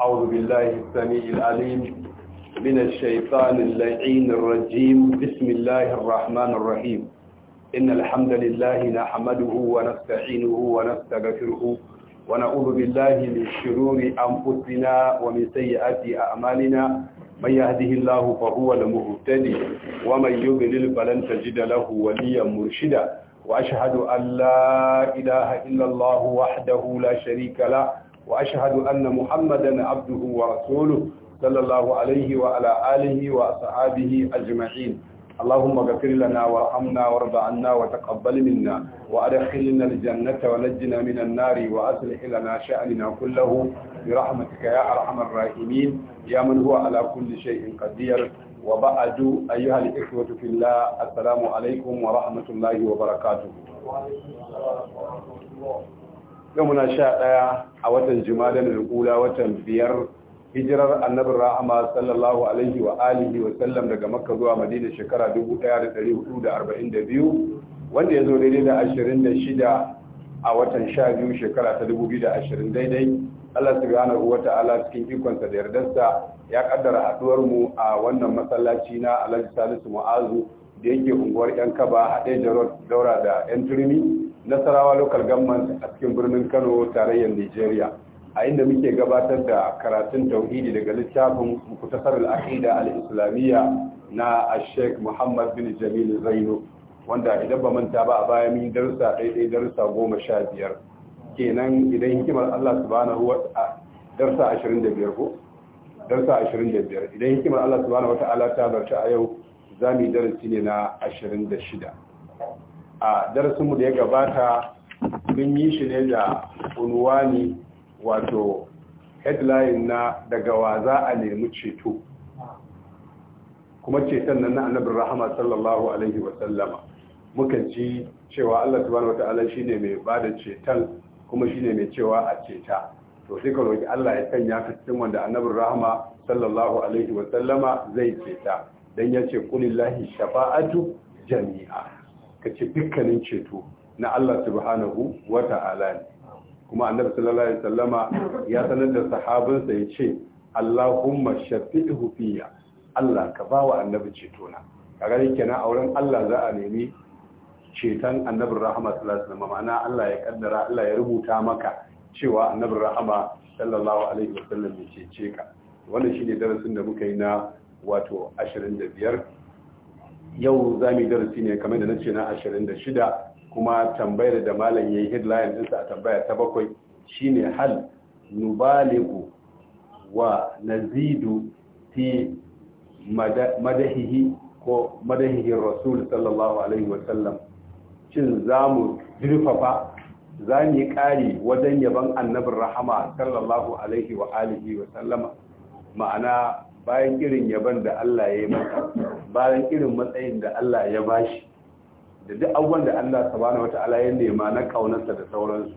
أعوذ بالله السميع العليم من الشيطان اللعين الرجيم بسم الله الرحمن الرحيم إن الحمد لله نحمده ونستعينه ونستغفره ونعوذ بالله من شرور أنفسنا ومن سيئات أعمالنا من يهده الله فهو المهتدي ومن يضلل فلن تجد له وليا مرشدا وأشهد أن لا إله إلا الله وحده لا شريك له وأشهد أن محمدا عبده ورسوله صلى الله عليه وعلى آله وأصحابه أجمعين اللهم اغفر لنا وارحمنا وارض عنا وتقبل منا وادخلنا الجنة ونجنا من النار وأصلح لنا شأننا كله برحمتك يا أرحم الراحمين يا من هو على كل شيء قدير وبعد أيها الإخوة في الله السلام عليكم ورحمة الله وبركاته yau muna sha ɗaya a watan jimadan rikula watan biyar hijirar annabin rahama sallallahu alaihi wa alihi wa sallam daga makka zuwa madina shekara 1442 wanda ya zo daidai da 26 a watan sha biyu shekara ta 2020 daidai Allah gane wa ta'ala cikin ikonsa da yardarsa ya kaddara haduwar mu a wannan masallaci na Alhaji Salisu Mu'azu da yake unguwar yan kaba a Ejerot daura da yan turmi nasarawa local government a cikin birnin kano tarayyar nigeria a inda muke gabatar da karatun tauhidi daga littafin mukutasar al'aqida al-islamiyya na sheikh muhammad bin jamil zainu wanda idan ba manta ba a baya mun darsa daidai darussa goma sha biyar kenan idan hikimar allah subhanahu wa darussa ashirin da biyar ko darsa ashirin da biyar idan hikimar allah subhanahu wa ta'ala ta barci a yau za mu yi darasi ne na ashirin da shida a darasinmu da ya gabata mun yi shi ne da unwani wato headline na daga wa za a nemi ceto kuma ceton nan na annabin rahama sallallahu alaihi wasallama muka ji cewa allah subhanahu shi ne mai ba da ceton kuma ne mai cewa a ceta to sai ka roki allah ya sanya ka cikin wanda annabin rahama sallallahu alaihi wasallama zai ceta dan ya ce kulillahi shafa'atu jami'a Ka ce dukkanin ceto na Allah subhanahu wata'ala ne kuma annabi sallallahu alaihi wasallama ya sanar da sahabinsa yace Allahumma shafi'hu fiyya Allah ka bawa annabi ceto na kaga kenan auren Allah za a nemi ceton Annabi rahama sallallahu alaihi wasallam ma'ana Allah ya kaddara Allah ya rubuta maka cewa Annabi rahama sallallahu alaihi wasallam ya cece ka wannan shine darasin da muka yi na wato 25 yau za mu darasi ne kamar da na ce na 26 kuma tambayar da malam ya yi headline ɗinsa a tambaya ta bakwai shine hal nubaligu wa nazidu fi madahihi ko madahihin rasul sallallahu alaihi wasallam cin za mu zirfafa za mu yi ƙari wajen yaban annabin rahama sallallahu alaihi wa alihi wasallama ma'ana bayan irin yaban da Allah ya yi bayan irin matsayin da Allah ya bashi da duk abubuwan da Allah subhanahu wata'ala ya nema na kaunarsa da sauransu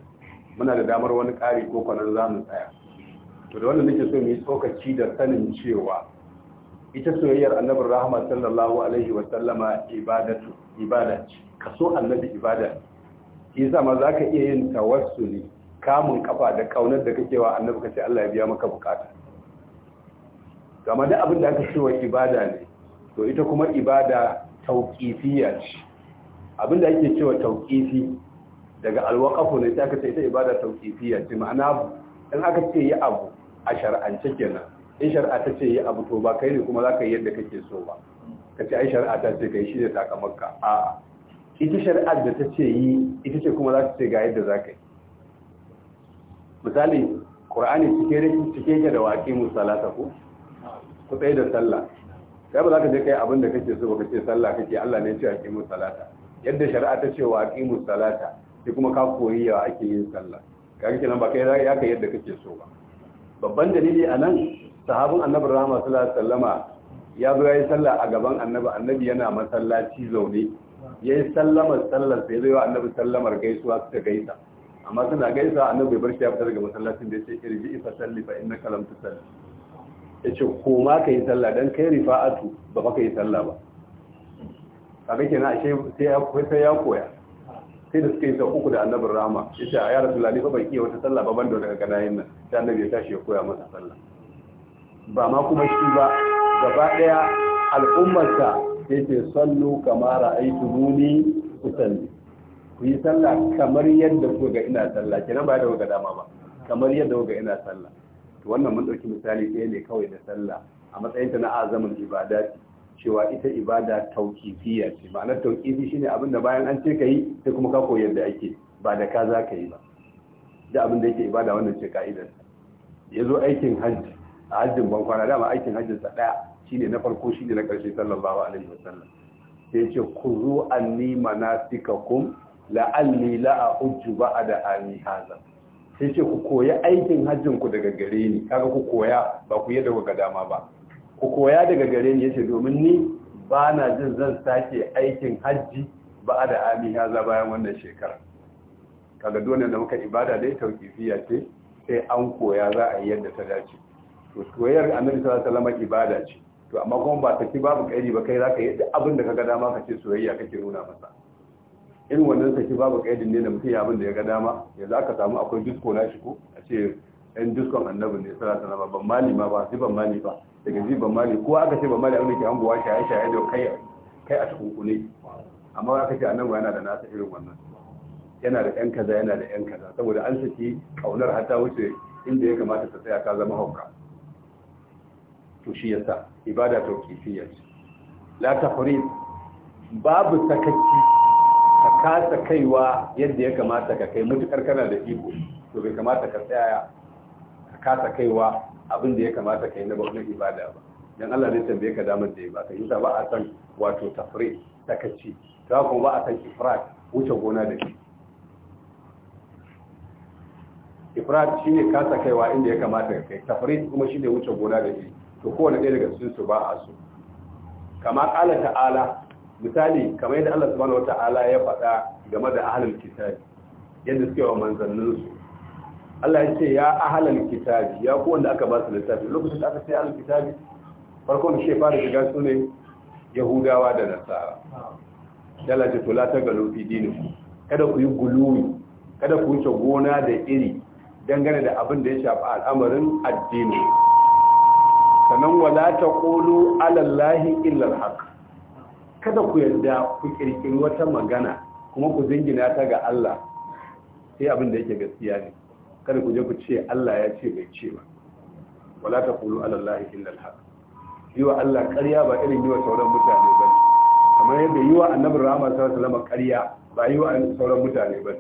muna da damar wani ƙari ko kwanan zamu tsaya to da wannan nake so mu yi tsokaci da sanin cewa ita soyayyar annabin rahama sallallahu alaihi wa sallama ibadatu ibada ce kaso annabi ibada shi yasa ma zaka iya yin tawassuli kamun kafa da kaunar da kake wa annabi kace Allah ya biya maka bukata kamar da abin da aka cewa ibada ne to ita kuma ibada tauƙifiya ce abinda ake cewa tauqifi daga alwaqafu ne ta kace ita ibada tauƙifiya ce ma'ana in aka ce yi abu a shar'ance kenan in shar'a ta ce yi abu to ba kai ne kuma za ka yi yadda kake so ba Ka ce ai shar'a ta ce kai shi ne sakamakka a'a ita shari'ar da ta ce yi ita ce kuma za ta ce ga yadda za ka yi misali ƙur'ani cike yake da waƙi musalata ku ku tsaye da sallah kai ba za ka je kai abin da kake so ba ce sallah kake Allah ne ya ce aqimu salata yadda shari'a ta ce wa aqimu salata sai kuma ka koyi ya ake yin sallah ka kaga kenan ba kai ya kai yadda kake so ba babban dalili anan sahabin annabi rahama sallallahu alaihi wasallama ya zo yayi sallah a gaban annabi annabi yana masallaci zaune yayi sallama sallar sai zai wa annabi sallamar gaisuwa suka gaisa amma suna gaisa annabi bai bar shi ya fita daga masallacin da yace irji fa salli fa innaka lam tusalli ya ce koma ka yi sallah don kai rifa'atu ba ba ka yi sallah ba kaga na ashe sai ya sai ya koya sai da suka yi sau uku da annabin rama. ya ce a yara su lalifa ban iya wata sallah ba ban da daga kanayin nan sai annabi ya tashi ya koya masa sallah ba ma kuma shi ba gaba ɗaya al'ummarsa sai ce sallu kamara aitu muni usalli ku yi sallah kamar yadda kuka ga ina sallah kenan ba da kuka dama ba kamar yadda kuka ina sallah to wannan mun ɗauki misali ɗaya ne kawai da sallah a matsayin ta na azamin ibada cewa ita ibada tauƙifiya ce ma'anar tauƙifi shine abin da bayan an ce ka yi sai kuma ka koyi yadda ake ba da ka za ka yi ba da abin da yake ibada wannan ce ka'idar ya zo aikin hajji a hajjin bankwana dama aikin hajjin sa ɗaya shine na farko shine na ƙarshe sallallahu alaihi wasallam sai ce ku zo anni a la'alli la'a hujju ba'da hazan sai ce ku koya aikin hajjin ku daga gare ni kaga ku koya ba ku yadda ga dama ba ku koya daga gare ni yace domin ni ba na jin zan sake aikin hajji ba da ami za bayan wannan shekara kaga dole da muka ibada dai tauqifiya ce sai an koya za a yi yadda ta dace to koyar annabi sallallahu alaihi wasallam ibada ce to amma kuma ba ta ki babu kai ba kai zaka yi abin da kaga dama ce soyayya kake nuna masa irin wannan saki babu kaidin ne da mutum ya abin da ya ga dama yanzu aka samu akwai disko na shi ko a ce yan diskon annabin ne sara sana ba ban mali ma ba ban mali ba daga ban mali ko aka ce ban mali abin da ke hangowa shaye shaye da kai kai a kune amma aka ce annabi yana da nasa irin wannan yana da yan kaza yana da yan kaza saboda an saki kaunar hata wuce inda ya kamata ta tsaya ka zama hauka to shi yasa ibada kifiyar la tafrid babu sakacci kasa kaiwa yadda ya kamata ka kai mutukar kana da iko to bai kamata ka tsaya ka kasa kaiwa abinda ya kamata ka yi na babban ibada ba dan Allah zai tambaye ka damar da ya ka yasa ba a san wato tafri ta takaci ta kuma ba a san ifrat wuce gona da shi ifrat shine kasa kaiwa inda ya kamata ka kai tafri kuma shine wuce gona da shi to kowane ɗaya daga cikin su ba a so kama ƙala ta'ala misali kamar yadda Allah subhanahu wata'ala ya faɗa game da ahlul kitabi yadda suke wa manzannin su Allah ya ce ya ahlul kitabi ya ku wanda aka ba su littafi lokacin da aka ce ahlul kitabi farkon shi fara shiga su ne yahudawa da nasara dala ce to ta galu fi kada ku yi guluwi kada ku wuce gona da iri dangane da abin da ya shafi al'amarin addini Sanan wala ta kulu alallahi illar haq. kada ku yarda ku kirkiri wata magana kuma ku zingina ta ga Allah sai abin da yake gaskiya ne kada ku je ku ce Allah ya ce bai ce ba wala qulu ala Allah illa al-haq yiwa Allah ƙarya ba irin yiwa sauran mutane ba kamar yadda yiwa annabi rahama sallallahu alaihi ƙarya ba yiwa sauran mutane ba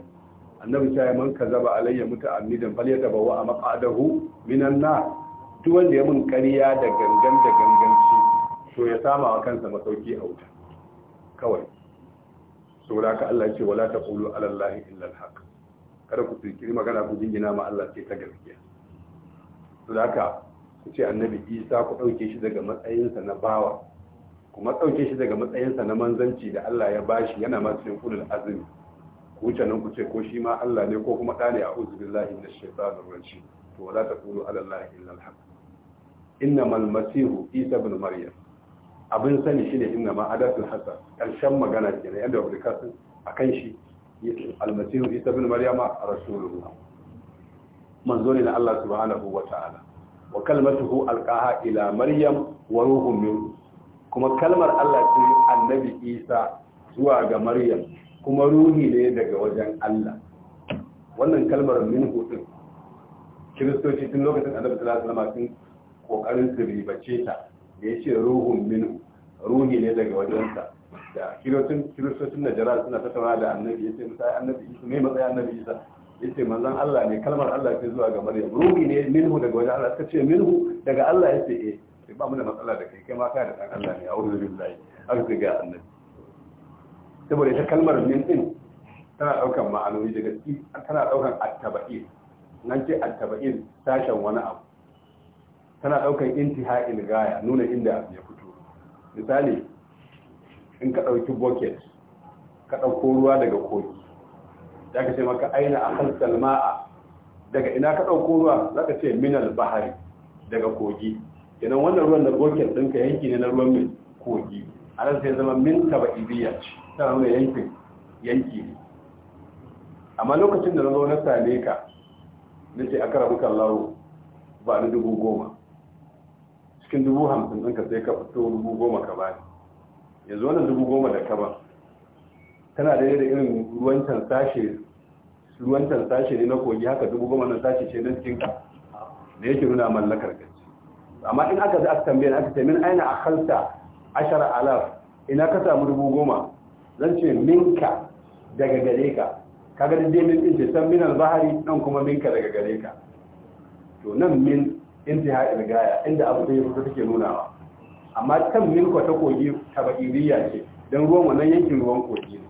annabi sai man kazaba alayya muta'ammidan a maqadahu minan nar duk wanda ya mun ƙarya da gangan da ganganci to ya sama wa kansa masauki a wuta kawai da ka Allah ce wala taqulu ala allahi illa alhaq kada ku tsikiri magana ku jingina ma Allah ce ta gaskiya da ka, ku ce annabi Isa ku dauke shi daga matsayinsa na bawa kuma dauke shi daga matsayinsa na manzanci da Allah ya bashi yana ma cikin ulul azmi ku ce nan ku ce ko shi ma Allah ne ko kuma dane a'udhu billahi minash shaitanir rajim to wala taqulu ala allahi illa alhaq innamal masihu isa ibn maryam abin sani shi ne inna ma adatul hasan karshen magana kenan yadda wa kasu akan shi almasihu isa bin maryama rasulullah manzo ne na Allah subhanahu ta'ala wa kalmatuhu alqaha ila maryam wa ruhun min kuma kalmar Allah ce annabi isa zuwa ga maryam kuma ruhi ne daga wajen Allah wannan kalmar min din kiristoci tun lokacin annabi sallallahu alaihi wasallam sun kokarin su ribace ta da ya ce ruhun minu ruhi ne daga wajensa da kiristocin jara suna tattauna da annabi ya ce musa annabi isa mai matsayi annabi isa ya ce manzan allah ne kalmar allah ce zuwa ga maryam ruhi ne minhu daga wajen allah suka ce minhu daga allah ya ce eh ba mu da matsala da kai kai ma kai da dan allah ne a wurin zai aka ga annabi saboda ita kalmar min din tana daukan ma'anoni daga ciki tana daukan attaba'in nan ce attaba'in sashen wani abu tana ɗaukar intiha ilgaya nuna inda ya fito misali in ka ɗauki bucket ka ɗauko ruwa daga kogi ya ka ce maka aina a hansal ma'a daga ina ka ɗauko ruwa za ka ce minal bahari daga kogi idan wannan ruwan da bucket ka yanki ne na ruwan mai kogi a nan sai zama min taba ibiya ce tana nuna yankin yanki ne amma lokacin da na zo na same ka na ce aka rabu kallahu ba na dubu goma cikin dubu hamsin ɗinka sai ka fito dubu goma ka ba yanzu wannan dubu goma da ka ba tana daidai da irin ruwancan sashe sashe ne na kogi haka dubu goma na sashe ce don cinka da yake nuna mallakar gaci amma in aka zai aka tambaye aka ce min aina a kalta ashara alaf ina ka samu dubu goma zan ce minka daga gare ka kaga da dai min din ce san min albahari ɗan kuma minka daga gare ka to nan min intiha ilgaya inda abu da ya take nunawa amma kan milko ta kogi bakiriya ce dan ruwan wannan yankin ruwan kogi ne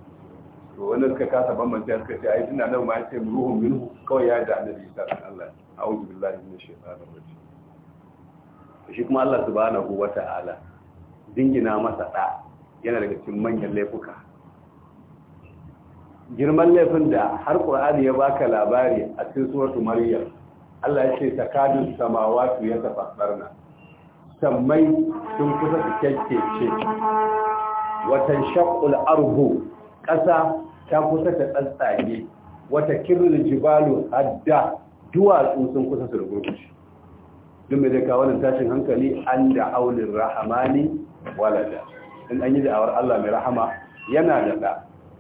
to wannan suka kasa bambanta suka ce ai tunda nan ma ya ruhun minhu kawai ya da annabi isa Allah a'udhu billahi minash shaitanir rajim shi kuma Allah subhanahu wata'ala dingina masa da yana daga cikin manyan laifuka girman laifin da har Qur'ani ya baka labari a cikin suratul Maryam Allah ya ce takadun samawatu ya tafassarna sammai sun kusa su kyakkece watan shaqqul arhu ƙasa ta kusa ta tsantsage wata kirrul jibalu hadda duwatsu sun kusa su rugurgushi duk mai daga wannan tashin hankali an da aulin rahamani walada in an yi da'awar Allah mai rahama yana da da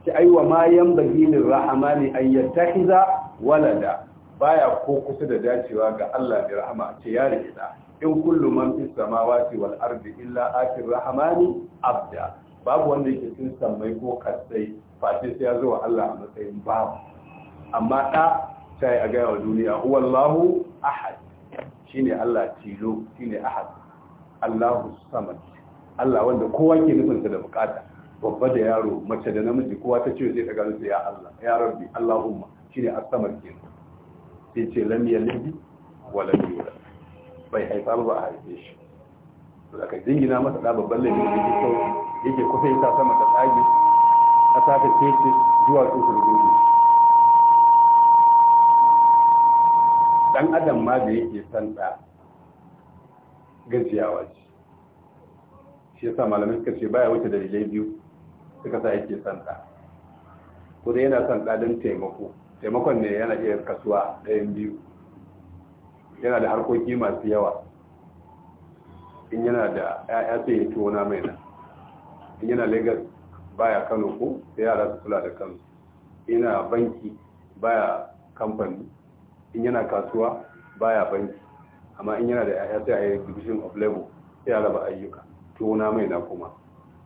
ki aiwa ma yan baginin rahamani an yattakhiza walada baya ko kusa da dacewa ga Allah bi rahama ce ya rike in kullu man fi samawati wal ardi illa atir rahmani abda babu wanda yake cikin samai ko kasai face sai ya zo wa Allah a matsayin babu amma da sai a gaya wa duniya huwallahu ahad shine Allah tilo shine ahad Allahu samad Allah wanda kowa ke nufin sa da bukata babba da yaro mace da namiji kowa ta ce zai daga ya Allah ya rabbi Allahumma shine as-samad sai ce lam yalid wa lam yulad bai haifar ba ba a haife shi to aka jingina masa da babban laifin da yake sau yake kusa yin sa sama ta tsage a ta kece zuwa tsohon gudu dan adam ma da yake san da gajiyawa ce shi yasa malamai suka ce baya wuce dalilai biyu suka sa yake san da ko da yana san da don taimako taimakon ne yana iya kasuwa ɗayan biyu yana da harkoki masu yawa in yana da ya'ya sai ya na mai na in yana lagos baya kano ko sai yara su kula da kano ina banki baya kamfani in yana kasuwa baya banki amma in yana da ya'ya sai a yi division of labor sai a raba ayyuka na mai na kuma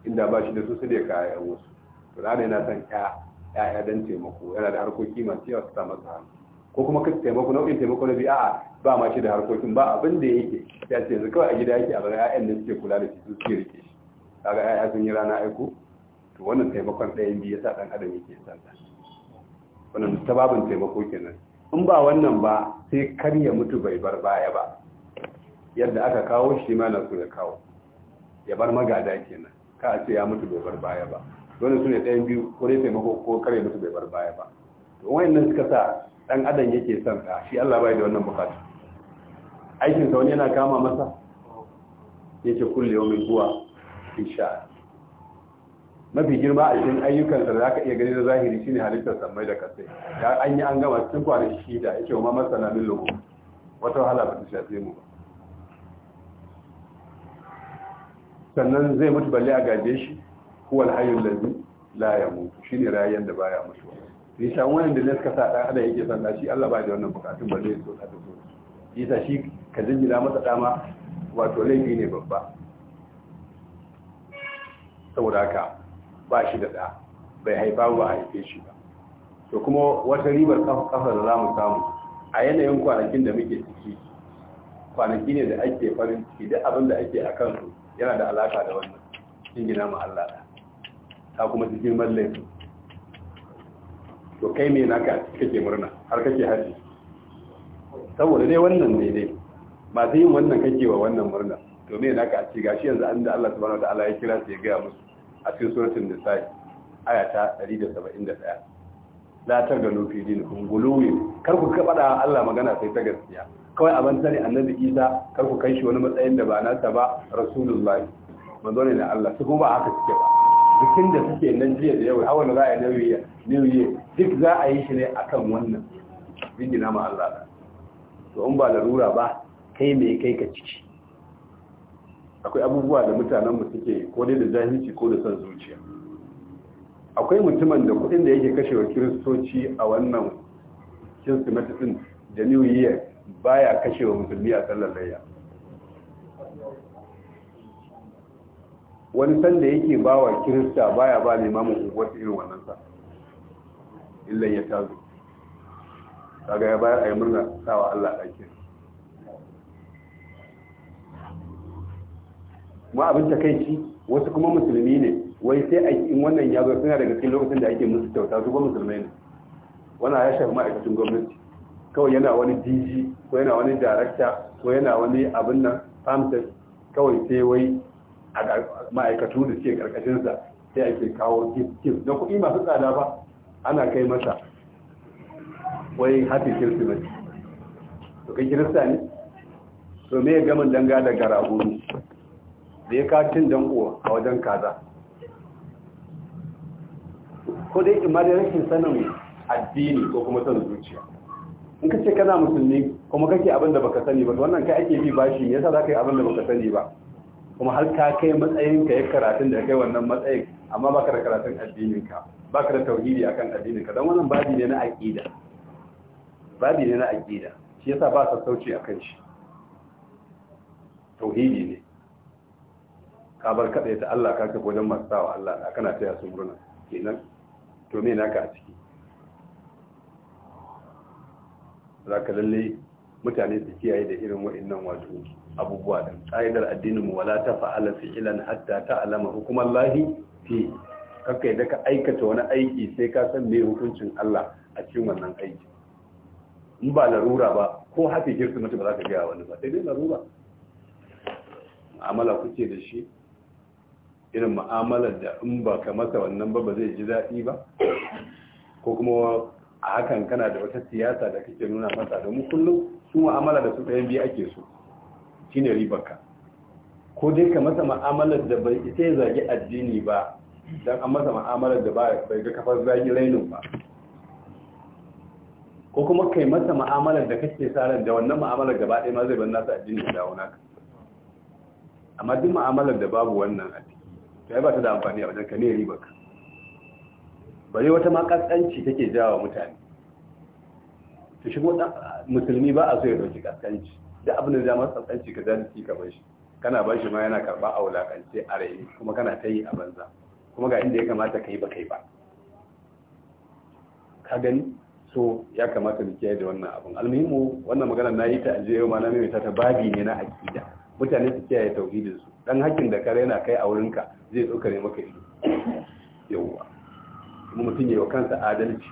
inda ba shi da su su da kayan wasu to da yana son ya ya'ya don taimako yana da harkoki masu yawa su sa masa hannu ko kuma ka taimako nau'in taimako na biyu a'a ba ma shi da harkokin ba abin da yake ya ce yanzu kawai a gida yake a bar ya'yan da suke kula da shi su suke rike shi kaga ya'ya sun yi rana aiko to wannan taimakon ɗayan biyu yasa ɗan adam yake san wannan ta babin taimako kenan in ba wannan ba sai kar ya mutu bai bar baya ba yadda aka kawo shi ma na so ya kawo ya bar magada kenan ka sai ce ya mutu bai bar baya ba dole su ne ɗayan biyu ko dai taimako ko kare mutu bai bar baya ba to wayannan suka sa dan adam yake son ka shi Allah bai da wannan bukatu aikin sa wani yana kama masa yace kullu yawmin huwa insha mafi girma a cikin ayyukan sa zaka iya gani da zahiri shine halittar samai da kasai ya an yi an gama cikin shi da yake kuma masana min lugu. wata wahala ba ta shafe mu ba sannan zai mutu balle a gaje shi huwa alhayyul ladhi la yamut shine rayan da baya mutuwa sai san wannan da ne suka sa dan adam yake sanna shi Allah ba da wannan bukatun ba zai so ta so yasa shi ka jinjira masa dama wato laifi ne babba saboda ka, ba shi da da bai haifa ba a haife shi ba to kuma wata ribar kafa da zamu samu a yanayin kwanakin da muke ciki kwanaki ne da ake farin ciki duk abin da ake a su yana da alaka da wannan jingina mu Allah ta kuma ji girman laifin to kai me naka kake murna har kake haji saboda dai wannan ne dai ba sai yin wannan kake wa wannan murna to me naka a ci gashi yanzu an da Allah subhanahu ta'ala ya kira su ya gaya musu a cikin suratul nisa'i aya ta 171 la nufi din kun guluwi kar ku ka fada Allah magana sai ta gaskiya kawai a sani annabi Isa kar ku kai shi wani matsayin da ba nasa ba rasulullahi manzo ne na Allah su kuma ba haka suke ba bikin da suke nan jiya da yau awon za a yi new year duk za a yi shi ne akan wannan jingina ma Allah to in ba larura ba kai me kai ka ciki akwai abubuwa da mutanen suke ko dai da jahilci ko da son zuciya akwai mutumin da kudin da yake kashewa kiristoci a wannan kirsimeti din da new year baya kashewa musulmi a sallar layya wani sanda yake ba wa kirista baya ba limamin unguwar irin wannan sa illan ya tazo daga ya bayar a yi murna sawa Allah ɗaki ma abin takaici wasu kuma musulmi ne wai sai a in wannan ya suna daga cikin lokacin da ake musu kyauta su ba musulmai ne wannan ya shafi ma'aikacin gwamnati kawai yana wani dg ko yana wani darakta ko yana wani abin nan famtas kawai sai wai ma'aikatu da suke karkashinsa sai ake kawo kif da kuɗi masu tsada ba ana kai masa wai hafi kirsimeti to kai kirista ne to me ya gama danga da garaguru da ya kacin danko a wajen kaza ko dai ima da rashin sanin addini ko kuma son zuciya in ka ce kana musulmi kuma kake abin da baka sani ba wannan kai ake bi bashi me yasa za ka yi abin da baka sani ba kuma har ka kai matsayin ka ya karatun da kai wannan matsayin amma baka da karatun addinin ka baka da tauhidi akan addinin ka dan wannan babi ne na aqida babi ne na aqida shi yasa ba sassauci akan shi tauhidi ne ka bar kada ta Allah ka ka wajen masawa Allah na kana taya su murna kenan to me naka a ciki zaka lalle mutane su kiyaye da irin wa'annan wato abubuwa din ƙa'idar addinin mu wala ta fa'ala ilan hatta alama hukumar lahi fi kakkai da ka aikata wani aiki sai ka san me hukuncin Allah a cikin wannan aiki in ba larura ba ko hafi girsu mutum ba za ka gaya wani ba sai dai larura mu'amala kuke da shi irin mu'amalar da in ba ka masa wannan ba ba zai ji daɗi ba ko kuma a hakan kana da wata siyasa da kake nuna masa domin kullum su mu'amala da su ɗayan biyu ake so ne ribarka ko dai ka masa ma'amalar da bai ita ya zagi addini ba don an masa ma'amalar da bai ga kafar zage rainin ba ko kuma kai masa ma'amalar da kake sa ran da wannan mu'amalar gaba ɗaya ma zai bar nasa addini da dawo naka amma duk ma'amalar da babu wannan a ciki to ba ta da amfani a wajen ka ne ribarka bare wata ma kaskanci take jawo mutane ka shigo musulmi ba a so ya dauki kaskanci da abin da zama kaskanci ka zalunci ci bar shi kana ba shi ma yana karba a wulakance a raini kuma kana ta yi a banza kuma ga inda ya kamata ka yi ba kai ba ka gani so ya kamata mu kiyaye da wannan abin almuhimu wannan magana na yi ta aje yau ma na mai ta babi ne na akida mutane su kiyaye tauhidin su dan hakkin da kare yana kai a wurin ka zai tsokare maka ido yawwa kuma mutum yayi wa kansa adalci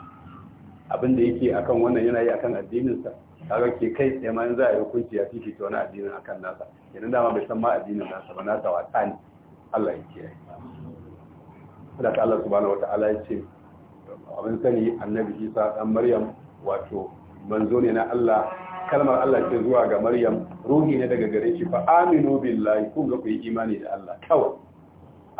abin da yake akan wannan yana yi akan addinin sa kaga ke kai sai ma za a yi hukunci ya fifi ta wani addinin akan nasa idan dama bai san ma addinin nasa ba nasa ta ne Allah ya kiyaye da ta Allah subhanahu ta'ala ya ce abin sani annabi Isa dan Maryam wato manzo ne na Allah kalmar Allah ce zuwa ga Maryam ruhi ne daga gare shi fa aminu billahi ku ga ku yi imani da Allah kawai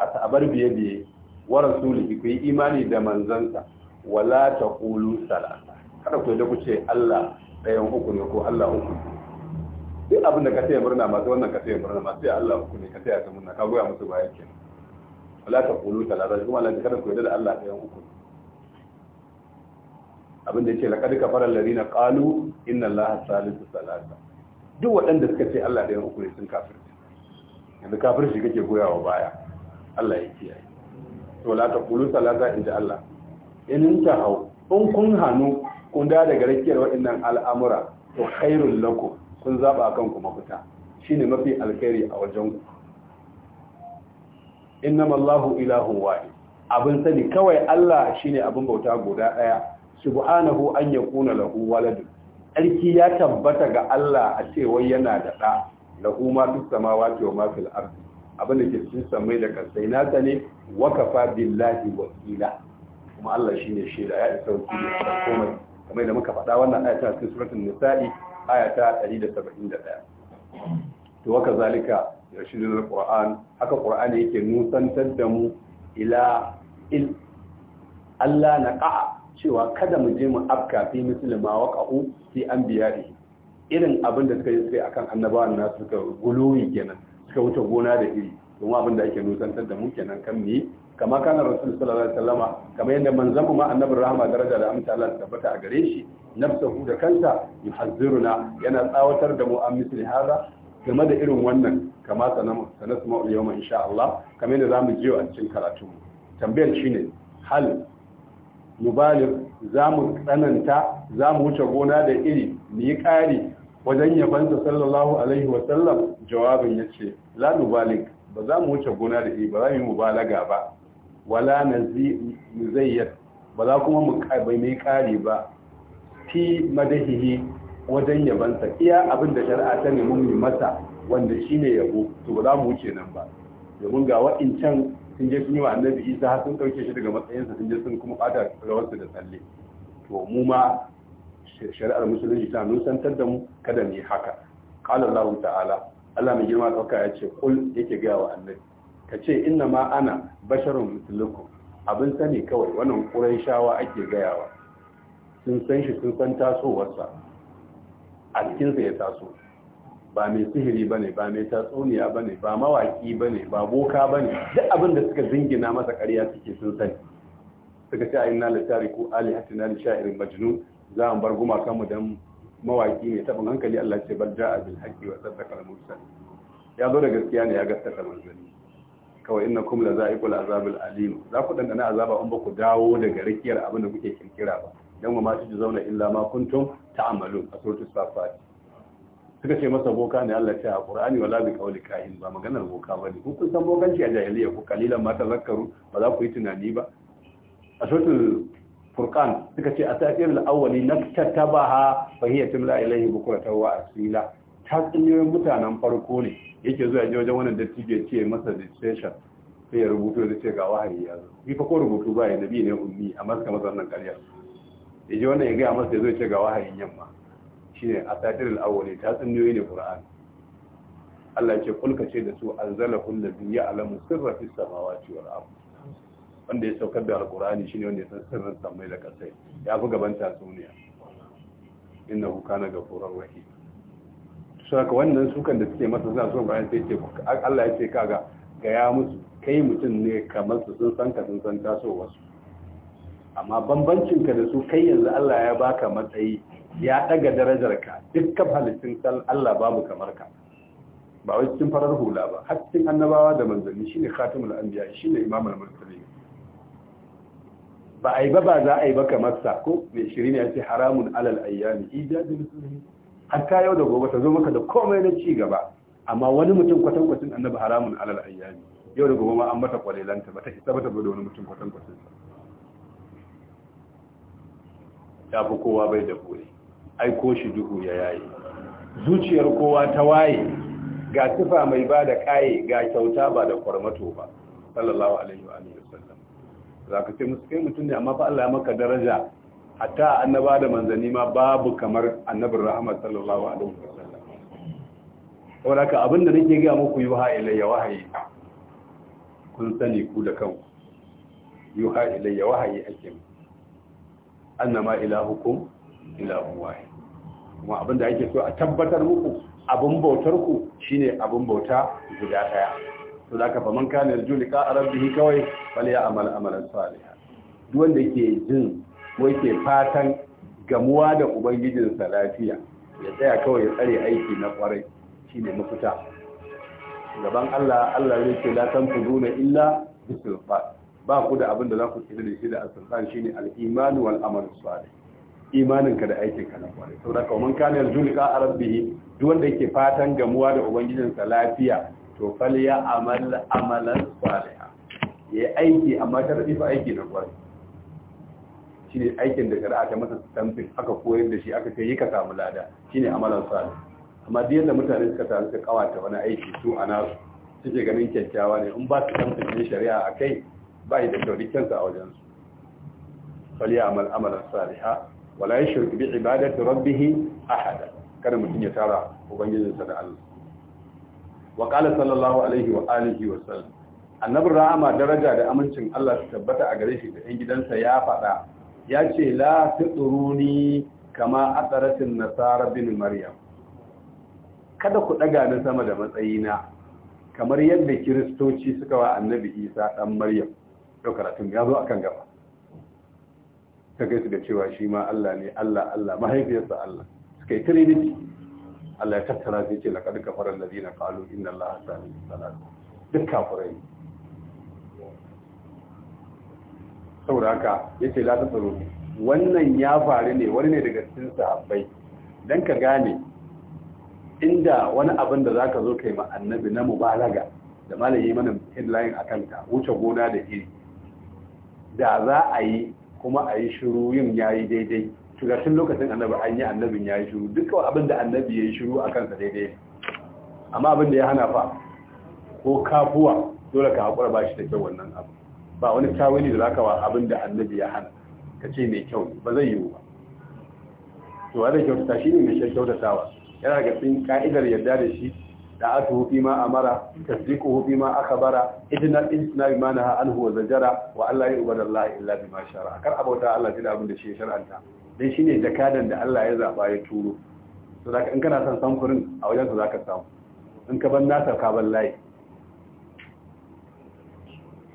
a sabar biye biye wa rasulihi ku yi imani da manzansa wala ta ƙulu salasa kada ku yadda ku ce Allah ɗayan uku ne ko Allah uku duk abin da ka taya murna masu wannan ka taya murna masu ya Allah uku ne ka taya ta murna ka goya musu bayan ke wala ta ƙulu salasa kuma Allah kada ku yadda da Allah ɗayan uku abin da yake laqad kafara alladhina qalu inna Allaha salisu salasa duk waɗanda suka ce Allah ɗayan uku ne sun kafirci yanzu kafirci kake goyawa baya Allah ya kiyaye to la ta qulu salata inda Allah inin ta hau in kun hannu kun da daga rakiyar waɗannan al'amura to khairul lakum kun zaba kanku shi ne mafi alkhairi a wajen ku innamallahu ilahun wa'i abin sani kawai Allah shi ne abin bauta guda ɗaya subhanahu an kuna lahu Waladu. alki ya tabbata ga Allah a ce wai yana da ɗa. lahu ma sama samawati wa ma abin da ke samai da ne wa kafa billahi wakila kuma Allah shi ne shaida ya isa hukumi da komai kamar yadda muka faɗa wannan aya ta cikin suratul nisa'i aya ta 171 to haka zalika yarshidul qur'an haka qur'ani yake nusantar da mu ila il Allah na ƙa'a cewa kada mu je mu afka fi musulma wa ƙa'u fi an biya irin abin da suka yi suka akan annabawan na suka guloyi kenan suka wuce gona da iri kuma abin da ake nusantar da mu kenan kan mu kama kana rasul sallallahu alaihi wasallam kama yanda manzon mu annabi rahama daraja da amsa Allah tabbata a gare shi nafsuhu da kanta yuhazziruna yana tsawatar da mu an hada game da irin wannan kama sanamu sanasma'u yawma insha Allah kama yadda zamu ji a cikin karatu tambayar shine hal mubalig zamu tsananta zamu wuce gona da iri mu yi kari wajen yabansa sallallahu alaihi wasallam jawabin yace la mubalig ba za mu wuce gona da iri ba za mu yi mubalaga ba wala nuzayyar ba za kuma mu mai kare ba fi madahihi wajen yabansa iya abin da shari'a ta ne mun yi masa wanda shine yabo to ba za mu wuce nan ba domin ga wa'incan sun je sun yi wa annabi isa har sun ɗauke shi daga matsayinsa sun je sun kuma ɓata rawarsu da tsalle to mu ma shari'ar musulunci ta nusantar da mu kada mu yi haka qala ta'ala allah mai girma ɗauka ya ce kul yake gaya wa annabi ka ce inna ma ana basharun mutulukum abin sani kawai wannan shawa ake gayawa sun san shi sun san tasowarsa a cikinsa ya taso ba mai sihiri ba ne ba mai tatsuniya ba ne ba mawaƙi ba ne ba boka ba ne duk abin da suka zingina masa ƙarya suke sun sani suka ce a ina littari ko ali hatina li sha'irin majnun za mu bar gumakanmu don mawaƙi ne. taɓin hankali allah ce bar ja'a bil haƙƙi wa saddaka al-mursal ya zo da gaskiya ne ya gaskata manzanni kawai inna kum la za'iqul azabin alim za ku dangana azaba an ba ku dawo daga rikiyar abin da kuke kirkira ba dan ma su ji zauna illa ma kuntum amalu. a suratul safat suka ce masa boka ne Allah ta Qur'ani wala bi qawli kahin ba maganar boka ba ku kun san bokanci a jahiliya ku kalilan ma Zakaru, ba za ku yi tunani ba a suratul furqan suka ce asatir al-awwali naktatabaha fa hiya tumla wa asila ta tsinyoyin mutanen farko ne yake zuwa je wajen wannan dattijo ya ce masa dictation sai ya rubuto da ce ga wahayi ya zo bi fa ko rubutu ba ya nabi ne ummi amma suka masa wannan ƙarya ya je wannan ya gaya masa ya zo ya ce ga wahayin yamma shine asatirul awwali ta tsinniyoyi ne qur'an Allah ce kulka ce da su kullu alladhi ya'lamu sirra fis samawati wal ardh wanda ya saukar da alqur'ani shine wanda ya san sirrin samai da kasai ya fi gaban tatsuniya innahu kana ghafurur rahim su wannan sukan da suke masa suna son bayan sai ce Allah ya ce kaga gaya musu kai mutum ne kamar su sun san ka sun san wasu. amma bambancin ka da su kai yanzu Allah ya baka matsayi ya daga darajar ka dukkan halittun Allah babu kamar ka ba wai cikin farar hula ba har cikin annabawa da manzanni shine khatamul anbiya shine imamul mursalin ba ai ba ba za a yi ba kamar sa ko me shirin ya ce haramun alal ayyami ijadul sunni ka yau da gobe ta zo maka da komai na ci gaba amma wani mutum kwatankwacin annabi haramun alal ayyami yau da gobe ma an mata kwalelanta ba ta isa ba ta bude wani mutum kwatankwacin sa ya fi kowa bai da kore ai ko shi duhu ya yayi zuciyar kowa ta waye ga sifa mai ba da kai ga kyauta ba da kwarmato ba sallallahu alaihi wa alihi wasallam zaka ce musu kai mutum ne amma fa Allah ya maka daraja hatta annaba da manzanni ma babu kamar annabin rahama sallallahu alaihi wasallam saboda ka abinda nake ga muku yuha ilayya wahayi kun sani ku da kanku yuha ilayya wahayi ake mu annama ilahukum ilahu wahid kuma abinda ake so a tabbatar muku abin bautar ku shine abin bauta guda daya to zaka fa man kana yarju liqa rabbih kawai bal ya amal amalan salih duk wanda yake jin wake fatan gamuwa da ubangijinsa lafiya ya tsaya kawai ya tsare aiki na kwarai shi ne mafita gaban allah allah zai ce latan ku zuna illa bisulfa ba ku da abin da za ku tsira da shi da asulfa shi ne al'imanu wal amal salih imaninka da aikin ka na kwarai saboda man kana yanzu liqa rabbihi duk wanda yake fatan gamuwa da ubangijinsa lafiya to fal ya amal amalan salih ya aiki amma ta rufe aiki na kwarai shine aikin da shari'a ta masa stamping aka koyar da shi aka kai yi ka samu lada shine amalan Sali. amma duk yadda mutane suka taru suka kawata wani aiki su a nasu suke ganin kyakkyawa ne in ba su stamping ne shari'a a kai ba yi da kyauri kansa a wajen su faliya amal amalan ha wala shirki bi ibadati rabbih ahada kada mutum ya tara sa da Allah wa qala sallallahu alaihi wa alihi wa sallam annabi rahama daraja da amincin Allah ta tabbata a gare shi da 'yan gidansa ya faɗa ya ce la tuduruni kama asaratin nasara bin maryam kada ku daga ni sama da matsayina kamar yadda kiristoci suka wa annabi isa dan maryam yau karatun ya zo a kan gaba ta gaisu da cewa shi ma Allah ne Allah Allah mahaifiyarsa Allah suka yi trinity Allah ya tattara zai ce laqad kafara allazina qalu inna allaha salihu salatu, duk kafirai saboda haka yace la ta tsaro wannan ya faru ne wani ne daga cikin sahabbai dan ka gane inda wani abin da zaka zo kai ma annabi na mubalaga da malami mana headline akan ta wuce gona da iri da za a yi kuma a yi shiru yin yayi daidai tun lokacin annabi an yi annabin yayi shiru dukkan abin da annabi yayi shiru akan sa daidai amma abin da ya hana fa ko kafuwa dole ka haƙura ba da kyau wannan abu ba wani tawili da zaka wa abin da annabi ya hana ka ce mai kyau ba zai yiwu ba to wa da kyautata shi ne mai kyautatawa yana ga cikin ka'idar yarda da shi da atu fi ma amara tasdiquhu fi ma akhbara idna isna bi manaha anhu wa zajara wa alla yu'badu Allah illa bima shara kar abauta Allah da abin da shi ya shar'anta dan shine jakadan da Allah ya zaba ya turo to zaka in kana son samfurin a wajen sa zaka samu in ka ban nasa ka ban layi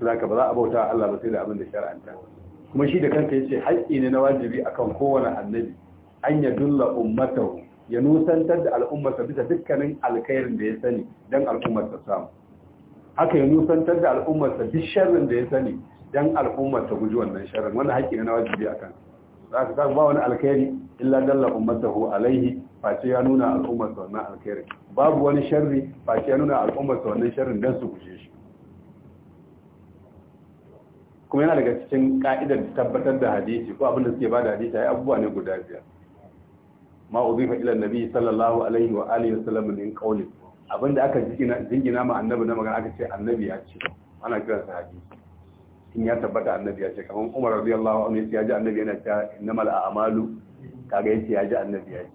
zaka ba za a bauta Allah ba sai da abin da shar'anta kuma shi da kanta yace haƙƙi ne na wajibi akan kowane annabi an ya dulla ummatahu ya nusantar da al'ummarsa bisa dukkanin alkhairin da ya sani dan ta samu haka ya nusantar da al'ummarsa bi sharrin da ya sani dan ta guji wannan sharrin wannan haƙƙi ne na wajibi akan za ka ba wani alkhairi illa dalla ummatahu alaihi face ya nuna al'ummarsa wannan alkhairin babu wani sharri face ya nuna al'ummarsa wannan sharrin dan su guje shi kuma yana daga cikin ka'idar tabbatar da hadisi ko abin da suke bada hadisi ai abubuwa ne guda biyar ma fa ila nabi sallallahu alaihi wa alihi wasallam min qawli abinda aka jingina ma annabi na magana aka ce annabi ya ce ana kira sa hadisi in ya tabbata annabi ya ce kamar Umar radiyallahu anhu ya ji annabi yana cewa innamal a'malu kaga yace ya ji annabi ya ce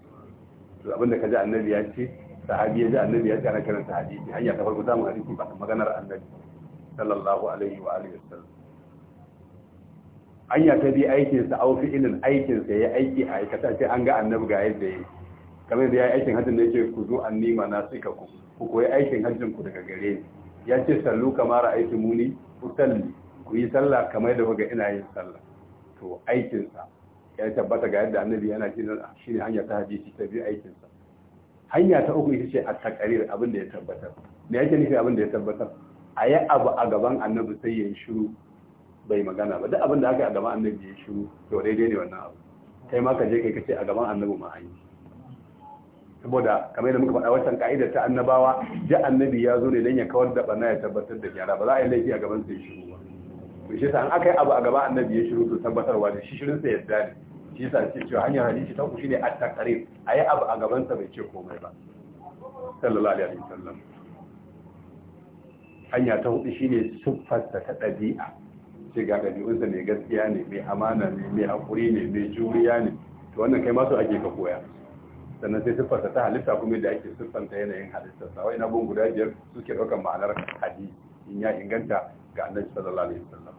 to abinda ka ji annabi ya ce sahabi ya ji annabi ya ce ana kira sa hadisi hanya ta farko zamu hadisi ba maganar annabi sallallahu alaihi wa alihi wasallam anya ta bi aikin sa au ilin aikin sa ya aiki a aikata ce an ga annabi ga yadda yi. kamar da ya aikin hajjin da ce ku zo an nima na suka ku ku koyi aikin hajjin ku daga gare ni ya ce sallu kamar aikin muni ku salli ku yi sallah kamar da kuka ina yin sallah to aikin sa ya tabbata ga yadda annabi yana shi shine hanya ta hadisi ta bi aikin sa hanya ta uku ita ce a takarir abin da ya tabbatar me yake nufi abin da ya tabbatar a yi abu a gaban annabi sai ya yi shiru bai magana ba duk abin da aka yi a gaban annabi ya shiru to daidai ne wannan abu kai ma ka je kai kace a gaban annabi ma an saboda kamar yadda muka faɗa wancan ka'idar ta annabawa ji annabi ya zo ne dan ya kawar da bana ya tabbatar da gyara ba za a yi laifi a gaban sai ya shiru ba to shi yasa an aka yi abu a gaban annabi ya shiru to tabbatarwa ne shi shirin sa yadda ne shi yasa ce cewa hanyar hadisi ta ku shine at-taqrir ayi abu a gaban sa bai ce komai ba sallallahu alaihi wasallam hanya ta hudu shine siffarsa ta ɗabi'a ce ga unsa ne gaskiya ne mai amana ne mai haƙuri ne mai juriya ne to wannan kai masu ake ka koya sannan sai siffarsa ta halitta kuma da ake siffanta yanayin sa wai na gun guda biyar suke ɗaukar ma'anar hadi in ya inganta ga annabi sallallahu alaihi wasallam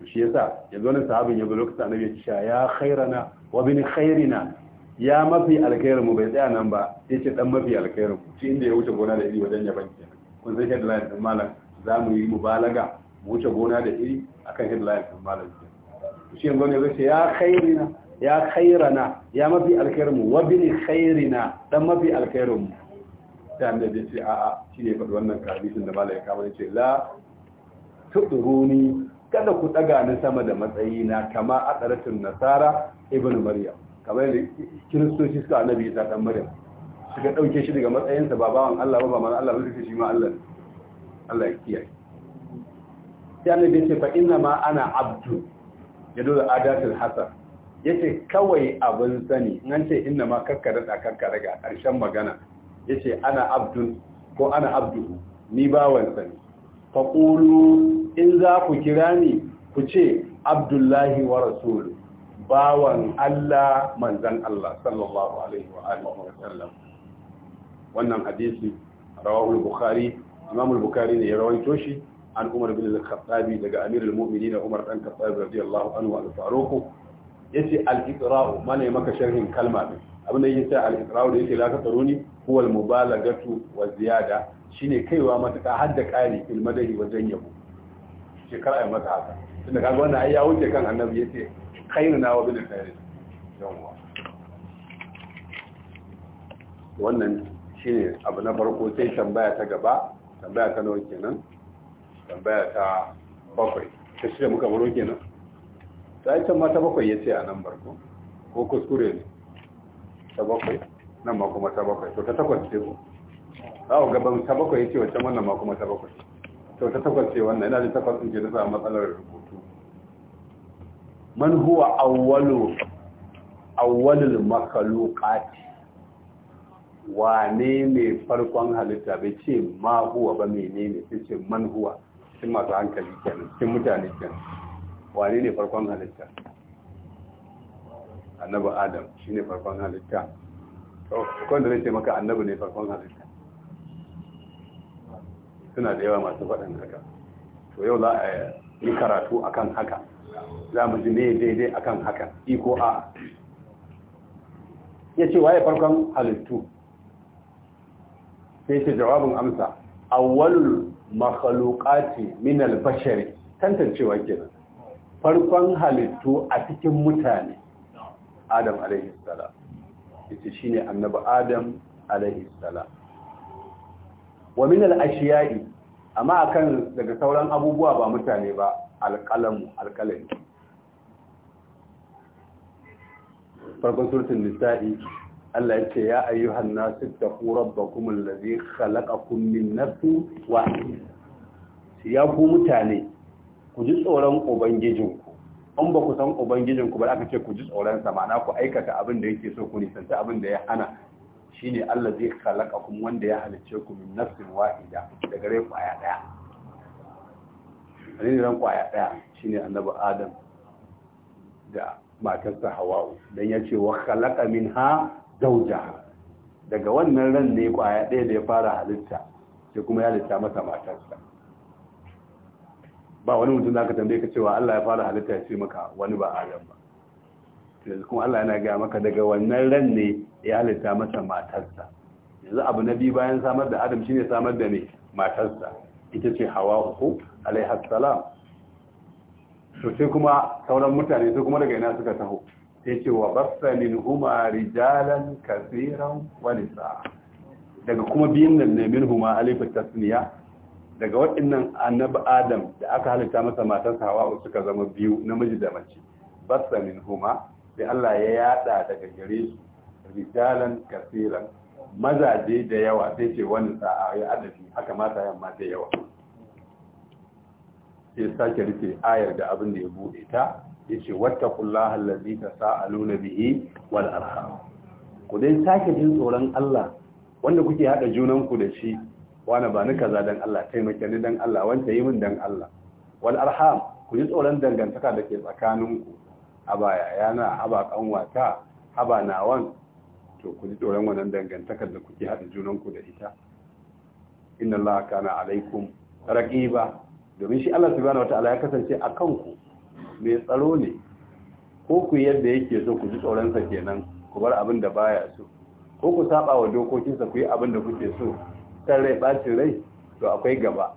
to shi yasa yanzu wannan sahabin yazo lokacin annabi ya ce ya khairana wa bin khairina ya mafi alkhairin mu bai tsaya nan ba sai ce dan mafi alkhairin ku shi inda ya wuce gona da iri wajen yaban kenan kun sai da lafiya malam zamu yi mubalaga wuce gona da iri a kan din malam shi yanzu ne zai ya khairina ya khairana ya mafi alkhairinmu wa bini khairina dan mafi alkhairinmu ta da zai a a'a shi ne faɗi wannan hadisin da malam ya kama ne ce la tuduruni kada ku daga ni sama da matsayina kama a adaratun nasara ibnu maryam kamar kiristoci suka annabi isa dan maryam suka dauke shi daga matsayinsa ba bawan Allah ba ba man Allah ba suka shi ma Allah Allah ya kiyaye sai annabi ce fa inna ma ana abdu yadu da adatul hasan ce kawai abin sani nan ce inna ma kakkara da kakkara ga karshen magana Ya ce ana abdun ko ana abdu ni bawan sani fa qulu in za ku kira ni ku ce abdullahi wa rasul bawan Allah manzan Allah sallallahu alaihi wa alihi wa sallam wannan hadisi rawahu al-bukhari imam al-bukhari ne ya rawaito shi an umar bin al-khattabi daga amirul mu'minin umar dan khattabi radiyallahu anhu al-faruq yace al-iqra'u mane maka sharhin kalma din abin da yake al-iqra'u da yake la ka taruni huwa al-mubalagatu wa ziyada shine kaiwa mata hadda kari fil madahi wa yabo shekara ai mata haka tunda kaga wannan ai ya wuce kan annabi yace khairuna wa bil khair yawa wannan shine abu na farko sai tambaya ta gaba tambaya ta nawa kenan tambaya ta bakwai ta shirya muka baro kenan ta yi can mata bakwai ya ce a nan barko ko kuskure ne ta bakwai nan ma kuma ta bakwai to ta takwas ce ko awo gaban ta bakwai ya ce can wannan ma kuma ta bakwai to ta takwas ce wannan yana da takwas in ce nasa a matsalar rubutu man huwa awwalu awwalul makalukati wane ne farkon halitta bai ce ma huwa ba menene sai ce man huwa cikin masu hankali kenan cikin mutane kenan wane ne farkon halitta annabi adam shi ne farkon halitta kwan da nake maka annabi ne farkon halitta suna da yawa masu faɗin haka to yau za a yi karatu akan haka za mu ji ne daidai akan haka iko a ya ce waye farkon halittu sai ce jawabin amsa awwalul makhluqati min al-bashari tantancewa kenan farkon halittu a cikin mutane adam alaihi salam ita shine annabi adam alaihi salam wa min al-ashiya'i amma akan daga sauran abubuwa ba mutane ba al-qalam farkon suratul nisa'i Allah ya ce ya ayyuhan nasu taqu rabbakum allazi khalaqakum min nafsin wahida ya ku mutane ku ji tsoron ubangijinku an ba ku san ubangijinku ba aka ce ku ji tsoron sa ku aikata abin da yake so ku nisanci abin da ya hana shine Allah zai khalaqakum wanda ya halicce ku min nafsin wahida daga rai kwaya daya ran kwaya daya shine annabi Adam da matarsa hawau dan ya ce wa min minha zauja daga wannan ran ne kwaya ɗaya da ya fara halitta sai kuma ya halitta masa matarsa ba wani mutum aka tambaye ka cewa Allah ya fara halitta ya ce maka wani ba Adam ba yanzu kuma Allah yana ga maka daga wannan ran ne ya halitta masa matarsa yanzu abu na biyu bayan samar da Adam shine samar da me matarsa ita ce Hawa uku, alaihi assalam to sai kuma sauran mutane sai kuma daga ina suka taho yake wa min huma rijalan kaseeran wa nisaa daga kuma biyun nan ne min huma alif tasniya daga waɗannan annabi adam da aka halitta masa matan hawa suka zama biyu namiji da mace min huma sai Allah ya yada daga gare su rijalan kaseeran mazaje da yawa sai ce wani sa'a ya adafi haka mata yamma da yawa sai sake rufe ayar da abin da ya buɗe ta yace wattaqullaha allazi tasaaluna bihi wal arham ku dai sake jin tsoron Allah wanda kuke hada junan ku da shi wani ba ni kaza dan Allah taimake ni dan Allah wanda yi min dan Allah wal arham ku ji tsoron dangantaka da ke tsakaninku haba yana haba kanwata haba nawan to ku ji tsoron wannan dangantakar da kuke hada junan ku da ita inna Allah kana alaikum raqiba domin shi Allah subhanahu wataala ya kasance akan ku mai tsaro ne ko ku yadda yake so ku ji tsoronsa kenan ku bar abin da baya so ko ku saba wa dokokinsa ku yi abin da kuke so kan rai bacin rai to akwai gaba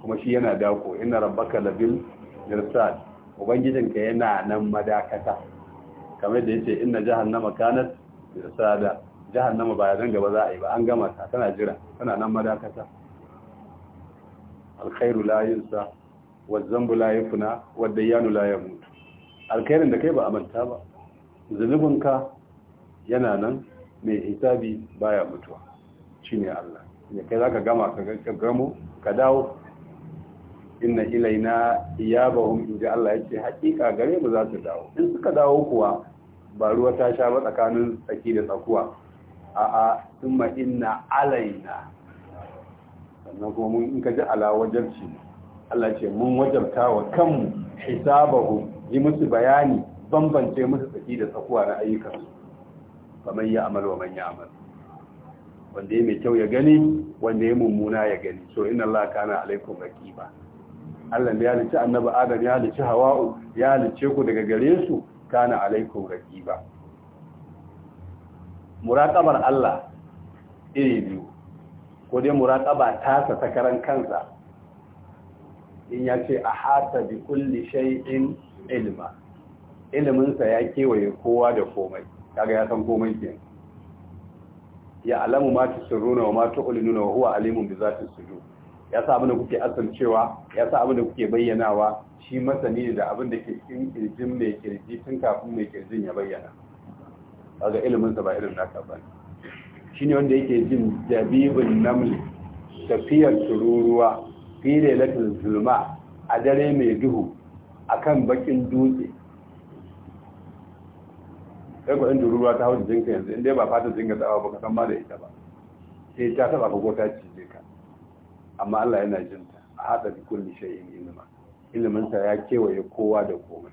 kuma shi yana dako ina rabbaka labil mirsad ubangijinka yana nan madakata kamar da yace inna jahannama kanat mirsada jahannama ba zan gaba za a yi ba an gama ta tana jira tana nan madakata alkhairu la yunsa wazzambu la yafuna waddayanu la mutu. alkhairin da kai ba a ba. Zunubin ka yana nan mai hisabi baya mutuwa shine Allah ne kai zaka gama ka gamo ka dawo inna ilaina iyabahum inda Allah yake hakika gare mu za su dawo in suka dawo kuwa ba ruwa ta sha ba tsakanin tsaki da tsakuwa a a thumma inna alaina sannan kuma mun in ka ji ala wajarci Allah ce mun wajabta wa kanmu hisabahu yi musu bayani bambance musu tsaki da tsakuwa na ayyukansu kamar ya amal wa man ya amal wanda ya mai kyau ya gani wanda ya mummuna ya gani so inna Allah kana alaikum raqiba Allah da ya halice annabi Adam ya halice Hawa'u ya halice ku daga gare su kana alaikum raqiba muraqabar Allah iri biyu ko dai muraqaba tasa ta karan kansa in ya ce a hata bi kulli shay'in ilma iliminsa ya kewaye kowa da komai kaga ya san komai ke ya alamu ma tusirruna wa ma nuna wa huwa alimun bi zati sudur ya sa abin da kuke asancewa ya sa abin da kuke bayyanawa shi masani ne da abin da ke cikin kirjin mai kirji tun kafin mai kirjin ya bayyana kaga iliminsa ba irin naka ba shine wanda yake jin dabibin namli tafiyar tururuwa fi latin zulma a dare mai duhu kan bakin dutse sai ko inda ta hausa jinka yanzu inda ba fata jinka tsawa ba ka san ma da ita ba sai ta taba ka gota cikin cije ka amma Allah yana jin a hada bi kulli shay'in ilima ya kewaye kowa da komai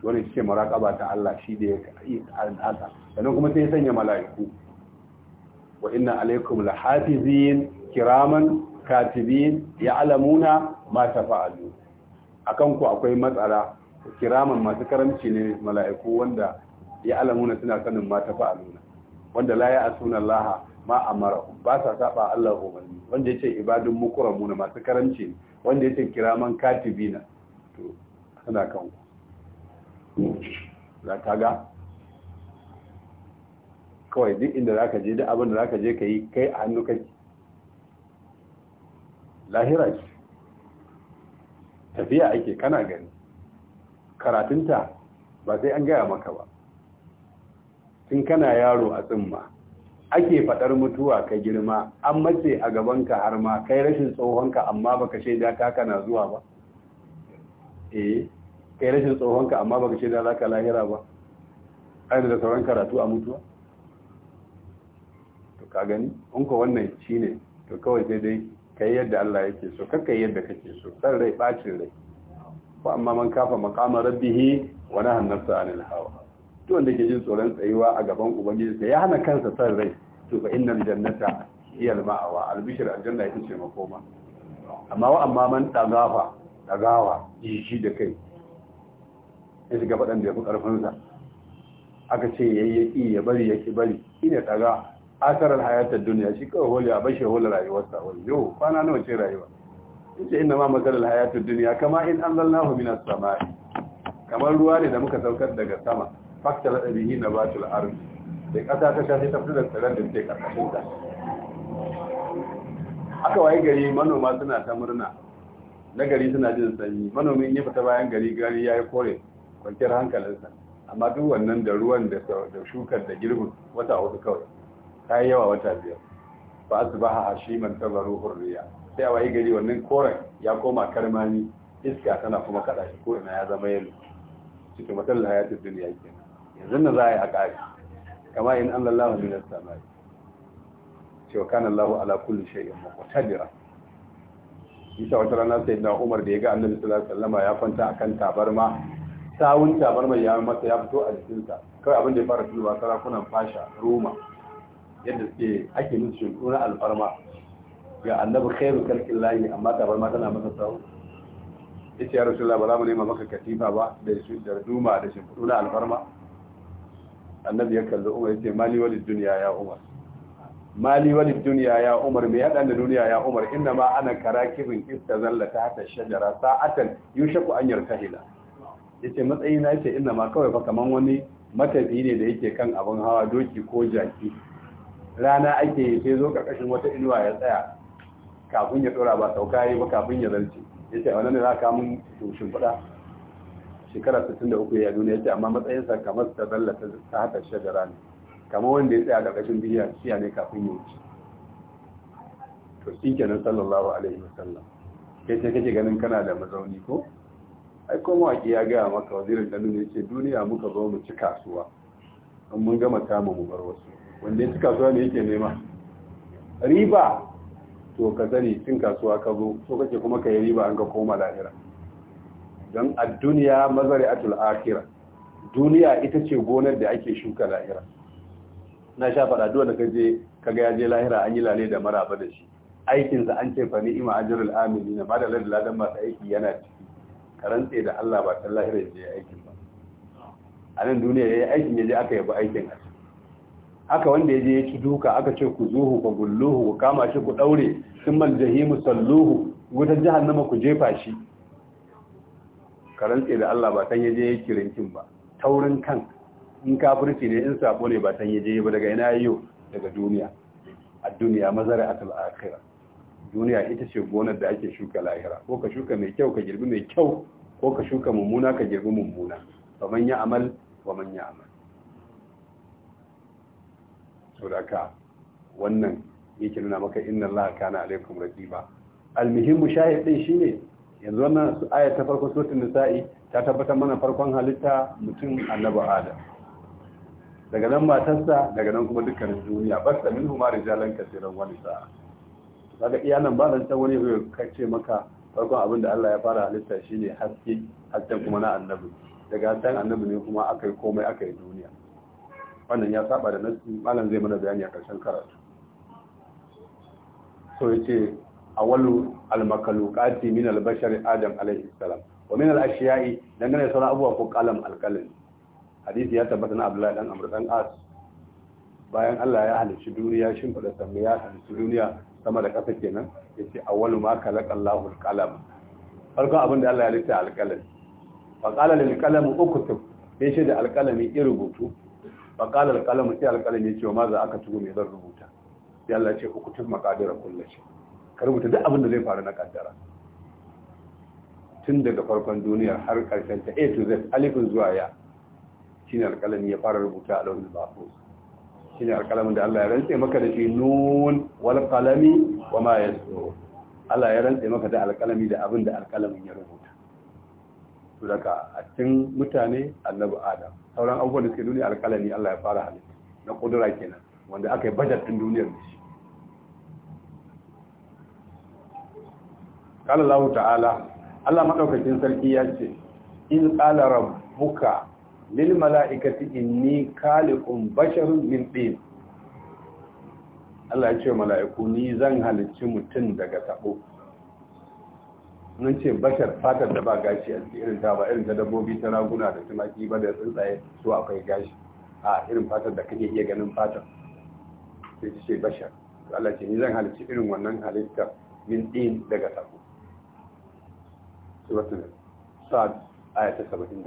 to ce shi muraqaba ta Allah shi da ya yi al'ada sannan kuma sai ya sanya mala'iku wa inna alaikum lahafizin kiraman katibin alamuna ma fa’alu akan ku akwai matsala kiraman masu karamci ne mala'iku wanda alamuna suna sanin ma fa’alu wanda la ya'suna Allah ma amara ba sa saba Allah umarni wanda yace ibadun mukramuna masu karamci wanda yace kiraman katibina to suna kan ku za ka ga kawai duk inda za ka je duk abin da za ka je ka yi kai a hannu kake lahira ce tafiya ake kana gani karatunta ba sai an gaya maka ba tun kana yaro a tsimma ake fadar mutuwa ka girma an mace a gabanka har ma kai rashin tsohonka amma baka shaida ka kana zuwa ba eh kai rashin tsohonka amma baka shaida za ka lahira ba ainihin da sauran karatu a mutuwa to ka gani unka wannan shi ne to kawai sai dai kai yadda Allah yake so kakkai yadda kake so san rai bacin rai ko amma man kafa maqama rabbihi wa nahana nafsa anil hawa to wanda ke jin tsoron tsayuwa a gaban ubangiji sai ya hana kansa san rai to fa innal jannata hiya al ma'awa al bishr al janna ita ce makoma amma wa amma man tagafa tagawa jiji da kai ya shiga fadan da ya fi karfin aka ce yayyaki ya bari yake bari shine tagawa asarar hayatar duniya shi kawai holi a bashi holi rayuwarsa wani yau kwana nawa ce rayuwa ce inna ma masarar hayatar duniya kama in an zalna hu minas sama'i kamar ruwa ne da muka saukar daga sama faktar ɗabihi na batul arzi da ƙasa ta shafi ta fitar da tsirar da ke ƙarƙashin ta aka waye gari manoma suna ta murna na gari suna jin sanyi manomin ya fita bayan gari gari ya yi kore kwanciyar hankalinsa amma duk wannan da ruwan da shukar da girbin wata hudu kawai ta yi yawa wata biyar ba a zuba a ashiman tabaru hurriya sai a wayi gari wannan koren ya koma karmani iska tana kuma kada shi ko ina ya zama yalo cikin matsalar hayatun duniya ke yanzu na za a yi a ƙari kama in an lallahu ne as-samai cewa kana Allahu ala kulli shay'in muqtadira isa wata rana sai da Umar da ya ga Annabi sallallahu alaihi wasallam ya kwanta akan tabarma sawun tabarma ya masa ya fito a jikinsa kawai abin da ya fara tunuwa sarakunan fasha Roma yadda suke ake musu shimfu na alfarma ga annabi khairu kalkin layi amma tabarma tana masa tsawo yace ya rasulullah ba za mu nema maka katifa ba da da duma da shimfu na alfarma annabi ya kalli umar ya ce mali wani duniya ya umar mali wani duniya ya umar me hadan da duniya ya umar inna ma ana karakibin istazalla tahta shajara sa'atan yushaku an Ya ce matsayi na ce inna ma kawai fa kaman wani matafi ne da yake kan abin hawa doki ko jaki rana ake yi sai zo ƙarƙashin wata inuwa ya tsaya kafin ya tsora ba sauka yi ba kafin ya zarce ya ce a ne za ka mun tushin kuɗa shekara 63 ya duniya ya ce amma matsayinsa kamar ta zalla ta haka shagara ne kamar wanda ya tsaya ƙarƙashin biyar siya ne kafin ya wuce to shi kenan sallallahu alaihi wasallam kai sai kake ganin kana da mazauni ko ai ko mawaƙi ya gaya maka wazirin ɗanu ne ce duniya muka zo mu ci kasuwa in mun gama samu mu bar wasu wanda ya ci kasuwa ne yake nema riba to ka sani cin kasuwa ka zo so kake kuma ka yi riba an ka koma lahira don a duniya mazari a akira duniya ita ce gonar da ake shuka lahira na sha faɗa duwa ka kaje kaga ya je lahira an yi lalai da maraba da shi aikinsa an ce fani ima ajirul amini na bada lalda ladan masu aiki yana ciki karantse da Allah ba ta lahira ya je aikin ba a nan duniya ya yi aikin ya je aka ba aikin a haka wanda ya je ya ci duka aka ce ku zuhu ku gulluhu ku kama shi ku daure sun mal jahimu salluhu wutar jahannama ku jefa shi karantse da Allah ba san ya je ya ba taurin kan in kafirci ne in sabo ne ba san ya je ba daga ina yayo daga duniya a duniya mazara atal akhira duniya ita ce gonar da ake shuka lahira ko ka shuka mai kyau ka girbi mai kyau ko ka shuka mummuna ka girbi mummuna man amal wa man ya amal sadaka wannan yake nuna maka inna Allah kana alaikum raqiba almuhimmu shahid din shine yanzu wannan aya ta farko suratul nisa'i ta tabbatar mana farkon halitta mutum annabi adam daga nan matarsa daga nan kuma dukkanin duniya basta minhu ma rijalan kaseeran wa nisaa daga iya nan ba ta wani ya ce maka farkon abin da Allah ya fara halitta shine haske hasken kuma na annabi daga hasken annabi ne kuma akai yi komai akai yi duniya wannan ya saba da nasi malam zai mana bayani a ƙarshen karatu so yace Almakalu almakaluqati min albashari adam alaihi salam wa min alashiyai dangane da sauran abubuwa ko kalam alkalin hadisi ya tabbata na abdullahi dan amr dan as bayan Allah ya halicci duniya shin fada samme ya halicci duniya sama da kasa kenan yace awwalu ma khalaqa Allahu alqalam farko abin da Allah ya halitta alqalam fa qala lil qalam uktub sai shi da ya rubutu. فقال القلم سي القلم يجي وماذا aka tugu mai zan rubuta sai Allah ce ukutub maqadira kullashi ka rubuta duk abin da zai faru na kaddara tun daga farkon duniyar har karshen ta A to Z alifin zuwa ya shine alqalami ya fara rubuta a lauhin mahfuz shine alqalamin da Allah ya rantse maka da shi nun wal qalami wa ma yasur Allah ya rantse maka da alqalami da abin da alqalamin ya rubuta su a cikin mutane annabi adam sauran abubuwan da suke duniya alƙalami Allah ya fara halitta na kudura kenan wanda aka yi bajar din duniyar da shi Kala الله ta'ala Allah madaukakin sarki ya ce in qala rabbuka lil mala'ikati inni khaliqun basharun min tin Allah ya ce mala'iku ni zan halicci mutum daga tabo mun ce bashar fatar da ba gashi a cikin irin ta ba irin ta dabbobi ta raguna da tumaki ba da tsuntsaye su akwai gashi a irin fatar da kake iya ganin fatar sai ce bashar to Allah ce ni zan halicci irin wannan halitta min din daga sako suratul sad aya 71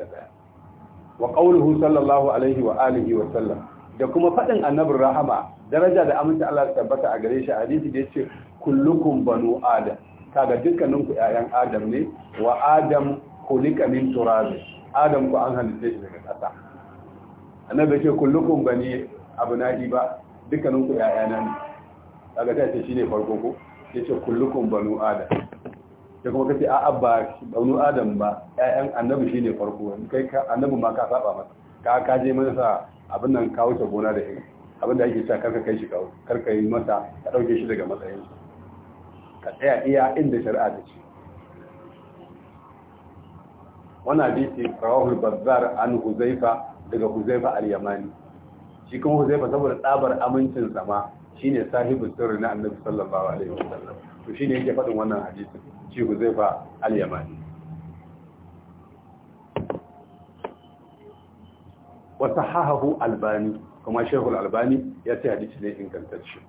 wa qawluhu sallallahu alaihi wa alihi wa sallam da kuma fadin annabi rahama daraja da aminta Allah tabbata a gare shi hadisi da yace kullukum banu adam kaga dukkanin ku ƴaƴan adam ne wa adam kulika min turab adam ku an halitta shi daga ƙasa annabi ce kullukum bani abna'i ba dukkanin ku ƴaƴana ne kaga ta ce ne farko ko yace kullukum banu adam ya kuma kace a'a ba banu adam ba ƴaƴan annabi ne farko kai ka annabi ma ka saba masa ka ka je masa abin nan kawo ta gona da shi abin da ake cewa karka kai shi kawo karka yi masa ka dauke shi daga matsayin ka tsaya iya inda shari'a ta ce wannan hadisi rawahul bazar an huzaifa daga huzaifa al-yamani shi kuma huzaifa saboda tsabar amincin sama shine sahibin sirri na annabi sallallahu alaihi wasallam to shine yake faɗin wannan hadisi shi huzaifa al-yamani wa sahahahu albani kuma shaykhul albani ya ce hadisi ne ingantacce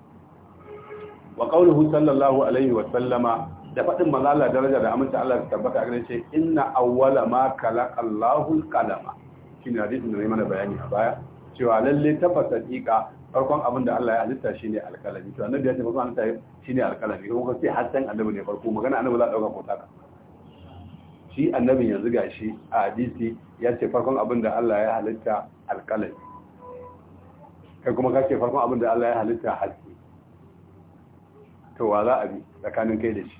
wa qawluhu sallallahu alaihi wa sallama da fadin manzo Allah daraja da aminta Allah ta tabbata a gare shi inna awwala ma khalaqa Allahu al-qalama shine hadisin da mana bayani a baya cewa lalle tabbata hakika farkon abin da Allah ya halitta shine al-qalami to annabi ya ce farkon halitta shine al-qalami kuma sai hasan annabi ne farko magana annabi za a dauka ko ka shi Annabi yanzu gashi a hadisi ya ce farkon abin da Allah ya halitta al-qalami kai kuma ka ce farkon abin da Allah ya halitta hadisi to wa za a bi tsakanin kai da shi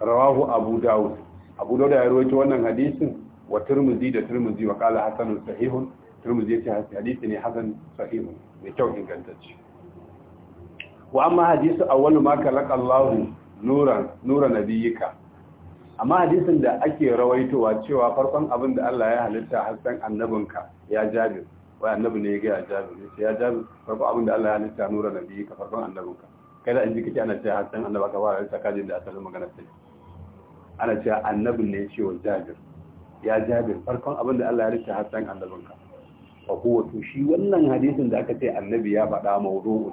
rawahu abu dawud abu dawud ya rawaito wannan hadisin wa turmuzi da turmuzi wa qala hasanun sahihun turmuzi ce hadisi ne hasan sahihun mai kyau ingantacce wa amma hadisu awwalu ma maka Allah nuran nura nabiyika amma hadisin da ake rawaitowa cewa farkon abin da Allah ya halitta hasan annabinka ya jabir wai annabi ne ya ga jabir ya jabir farkon abin da Allah ya halitta nura nabiyika farkon annabinka Kada in an ji kake ana cewa hasan annaba ka fara ta kaje da asalin magana sai ana cewa annabin ne ce wa jabir ya jabir farkon abin da Allah ya rike hasan annabin ka fa huwa to shi wannan hadisin da aka ce annabi ya faɗa mawdu'u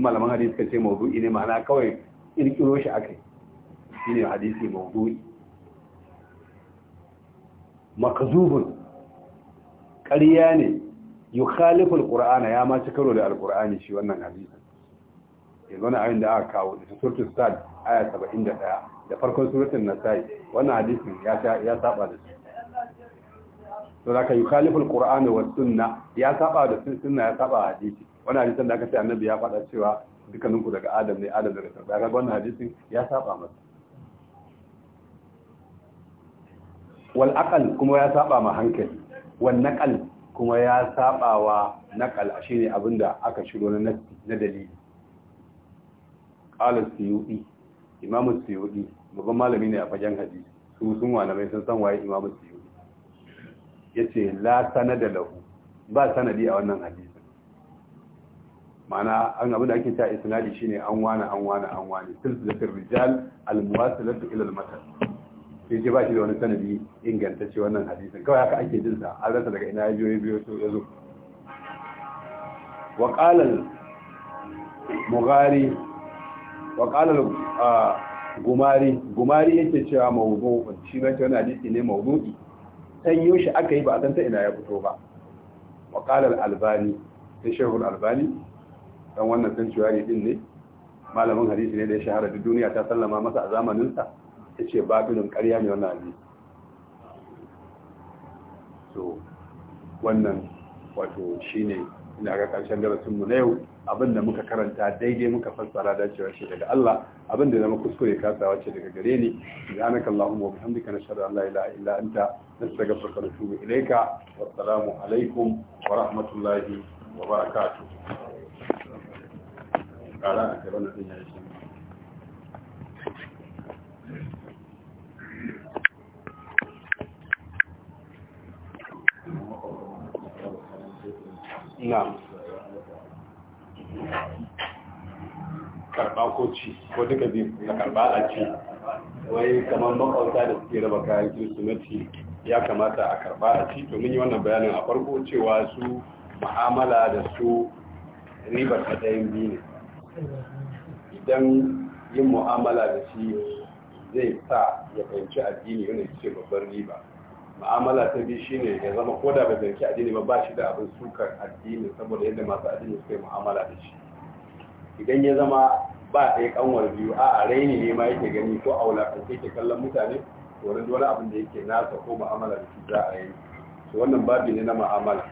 malaman hadisi ka ce mawdu'i ne ma'ana kawai kirkiro shi akai shine hadisi mawdu'i makzubun ƙarya ne yukhalifu alqur'ana ya ma ci karo da alqur'ani shi wannan hadisi yanzu wani ayin da aka kawo da suratul sad aya saba'in da da farkon suratul nasai wani hadisin ya ya saba da su to da ka yi khalifin qur'ani wa sunna ya saba da sunna ya saba hadisi Wani hadisin da aka ce annabi ya faɗa cewa dukkaninku daga adam ne adam daga sarfa ya wani hadisin ya saba masa wal aqal kuma ya saba ma hankali wal naqal kuma ya saba wa naqal shine abinda aka shiro na na dalili Alis suyudi imamu suyudi babban malami ne a fagen haji su sun mai sun san waye imamu Ya ce, la sanada lahu ba sanadi a wannan hadisin ma'ana an abu da ake ta isnadi shine an wana an wana an wani silsilatul rijal al muwasilatu ila al matan sai ce ba shi da wani sanadi inganta ce wannan hadisin kawai haka ake jin sa an rasa daga ina ya biyo biyo to ya zo wa qala mughari wa gumari gumari yake cewa mawdu shi ne wannan hadisi ne mawdu'i sanyo yoshi aka yi ba a san ta ina ya fito ba wa qala albani sai shehu albani dan wannan san ne din ne malamin hadisi ne da ya shahara da duniya ta sallama masa a zamanin sa yace babilun ƙarya ne wannan hadisi so wannan wato shine ina ga karshen darasin mu na yau abin da muka karanta daidai muka fassara dacewa ce daga Allah abin da zama kuskure kasawa ce daga gare ni subhanaka allahumma wa bihamdika nashhadu an la ilaha illa anta nastaghfiruka wa natubu ilayka wa assalamu alaikum wa rahmatullahi wa barakatuh kara a karanta din yayin نعم karba ko ci ko duka biyu ka karba a ci wai kamar makwauta da suke raba kayan kirsimeti ya kamata a karba a ci domin yi wannan bayanin a farko cewa su mu'amala da su ribar ta ɗayan biyu ne idan yin mu'amala da shi zai sa ya fahimci addini yana ce babbar riba ma'amala ta biyu ne ya zama ko da bai zarki addini ba ba shi da abin sukar addini saboda yadda masu addini suka yi ma'amala da shi idan ya zama ba ɗaya kanwar biyu a a raini ne ma yake gani ko a wulakance yake kallon mutane wani abin da yake nasa ko ma'amala da shi za a yi to wannan babi ne na ma'amala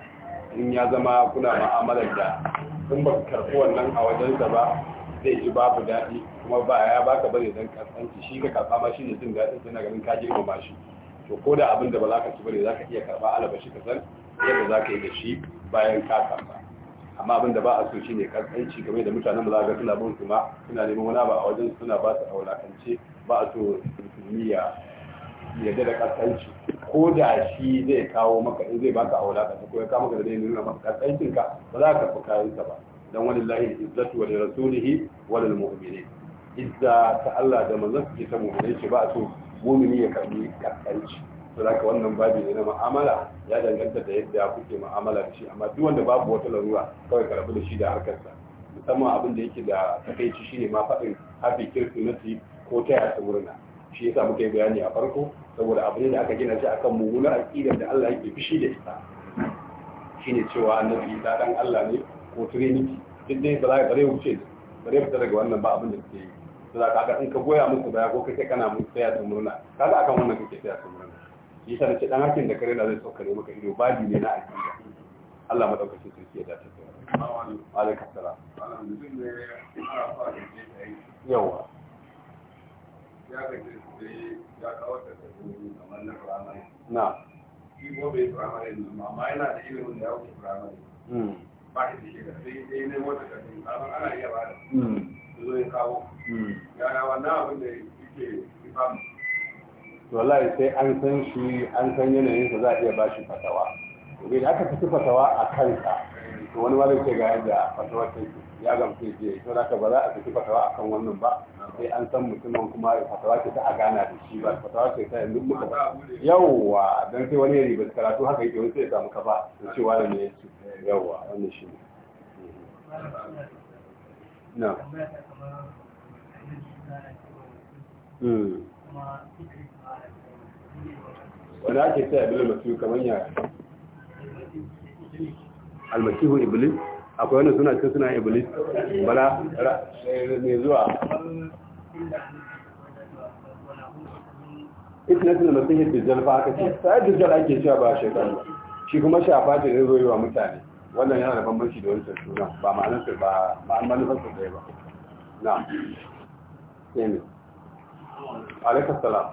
in ya zama kuna ma'amala da sun ba karɓi wannan a wajensa ba zai ji babu daɗi kuma ba ya baka bane don kasance shi ka kasa ma shi ne jin daɗin tana ganin ka girmama shi to ko da abin da ba za ka ci bane za ka iya karba alabashi ka san yadda za ka yi da shi bayan ka karba amma abin da ba a so shi ne, kaskanci game da mutanen mu za ga suna bin kuma suna neman wani ba a wajen suna ba su a wulakance ba a so musulmi yadda da kaskanci ko da shi zai kawo maka in zai baka a wulakance ko ya kawo maka da zai nuna maka kaskancin ka ba za ka karɓi kayan sa ba dan walillahi izzatu wa li rasulihi wa lil mu'minin izza ta Allah da manzon ke ta mu'minai ce ba a so mumini ya karbi kaskanci to zaka wannan babin ne na mu'amala ya danganta da yadda kuke mu'amala da shi amma duk wanda babu wata larura kawai karbi da shi da harkarsa musamman abin da yake da takeici shine ma fadin hafi kirsimeti ko ta yasa murna shi yasa muka yi bayani a farko saboda abin da aka gina shi akan mummunar aqida da Allah yake fishi da ita shine cewa annabi isa dan Allah ne ko trinity duk dai ba za ka bare wuce ba fita daga wannan ba abin da suke yi to da kaga in ka goya musu baya ko kake kana musu tsaya su murna kaga akan wannan kake tsaya su murna shi yasa nace dan hakin da kare da zai sauka ne maka ido babi ne na addini Allah madaukakin sarki ya dace da wa alaikum salam yawa ya ga ya kawo ta kamar na primary na shi bai primary ne amma yana da ilimin da ya wuce primary hmm. ba shi da shi da sai dai ne wata kadin ana iya ba da hmm. zo ya kawo hmm. yaya wannan abin da yake wallahi sai an san shi an san yanayin sa za a iya ba shi fatawa da aka fi fatawa a kansa to wani wani ke ga yadda fatawa ta ya gamsu je to da ba za a fi fatawa a kan wannan ba sai an san mutumin kuma fatawa ce ta a gana da shi ba fatawa ce ta yanzu muka yawwa don sai wani ya su karatu haka yake wani sai ya samu kafa cewa ne yawwa wannan shi ne hmm. na wani ake ta iblis masu kamar ya almasihu iblis akwai wani suna ce suna iblis bala ne zuwa itinatin da masu hidda jalfa aka ce ta yi dujjal ake cewa ba shekaru shi kuma shafa ta ne wa mutane wannan yana da bambanci da wancan suna ba ma'anar su ba ma'anar su ɗaya ba na ne alaikar salam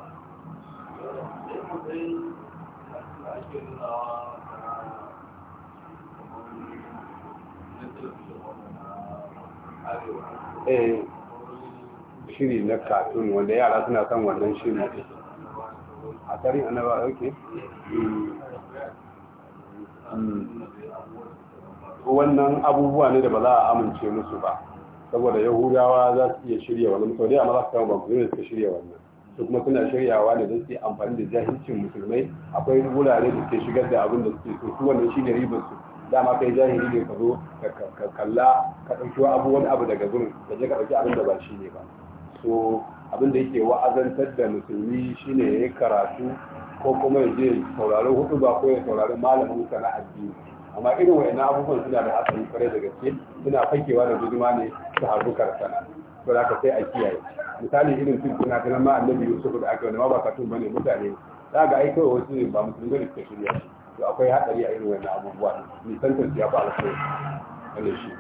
eh shiri na katun wanda yara suna son wannan shiri a tarihi annaba ok wannan abubuwa ne da ba za a amince musu ba saboda yahudawa za su iya shirya wannan sau da amma za su kama babu ne suka shirya wannan su kuma suna shiryawa da zai su amfani da jahilcin musulmai akwai wurare da ke shigar da abin da suke so su wannan shine ribar su dama kai jahili ne ka zo ka kalla ka ɗauki abu wani abu daga gurin ka je ka ɗauki abin da ba shi ne ba so abin da yake wa'azantar da musulmi shine ya yi karatu ko kuma ya je saurari hudu ba ko ya saurari malamin sana na addini amma irin wa'annan abubuwan suna da hasan kare da gaske suna fakewa da guduma ne su harbu sana. to da aka sai a kiyaye misali irin su suna ganin ma annabi yusuf da aka wani ma ba katun bane mutane za ga ai wa wasu ba musulmi ne suka shirya to akwai hatsari a irin wa'annan abubuwa ne, ya fi alkhairi wannan shi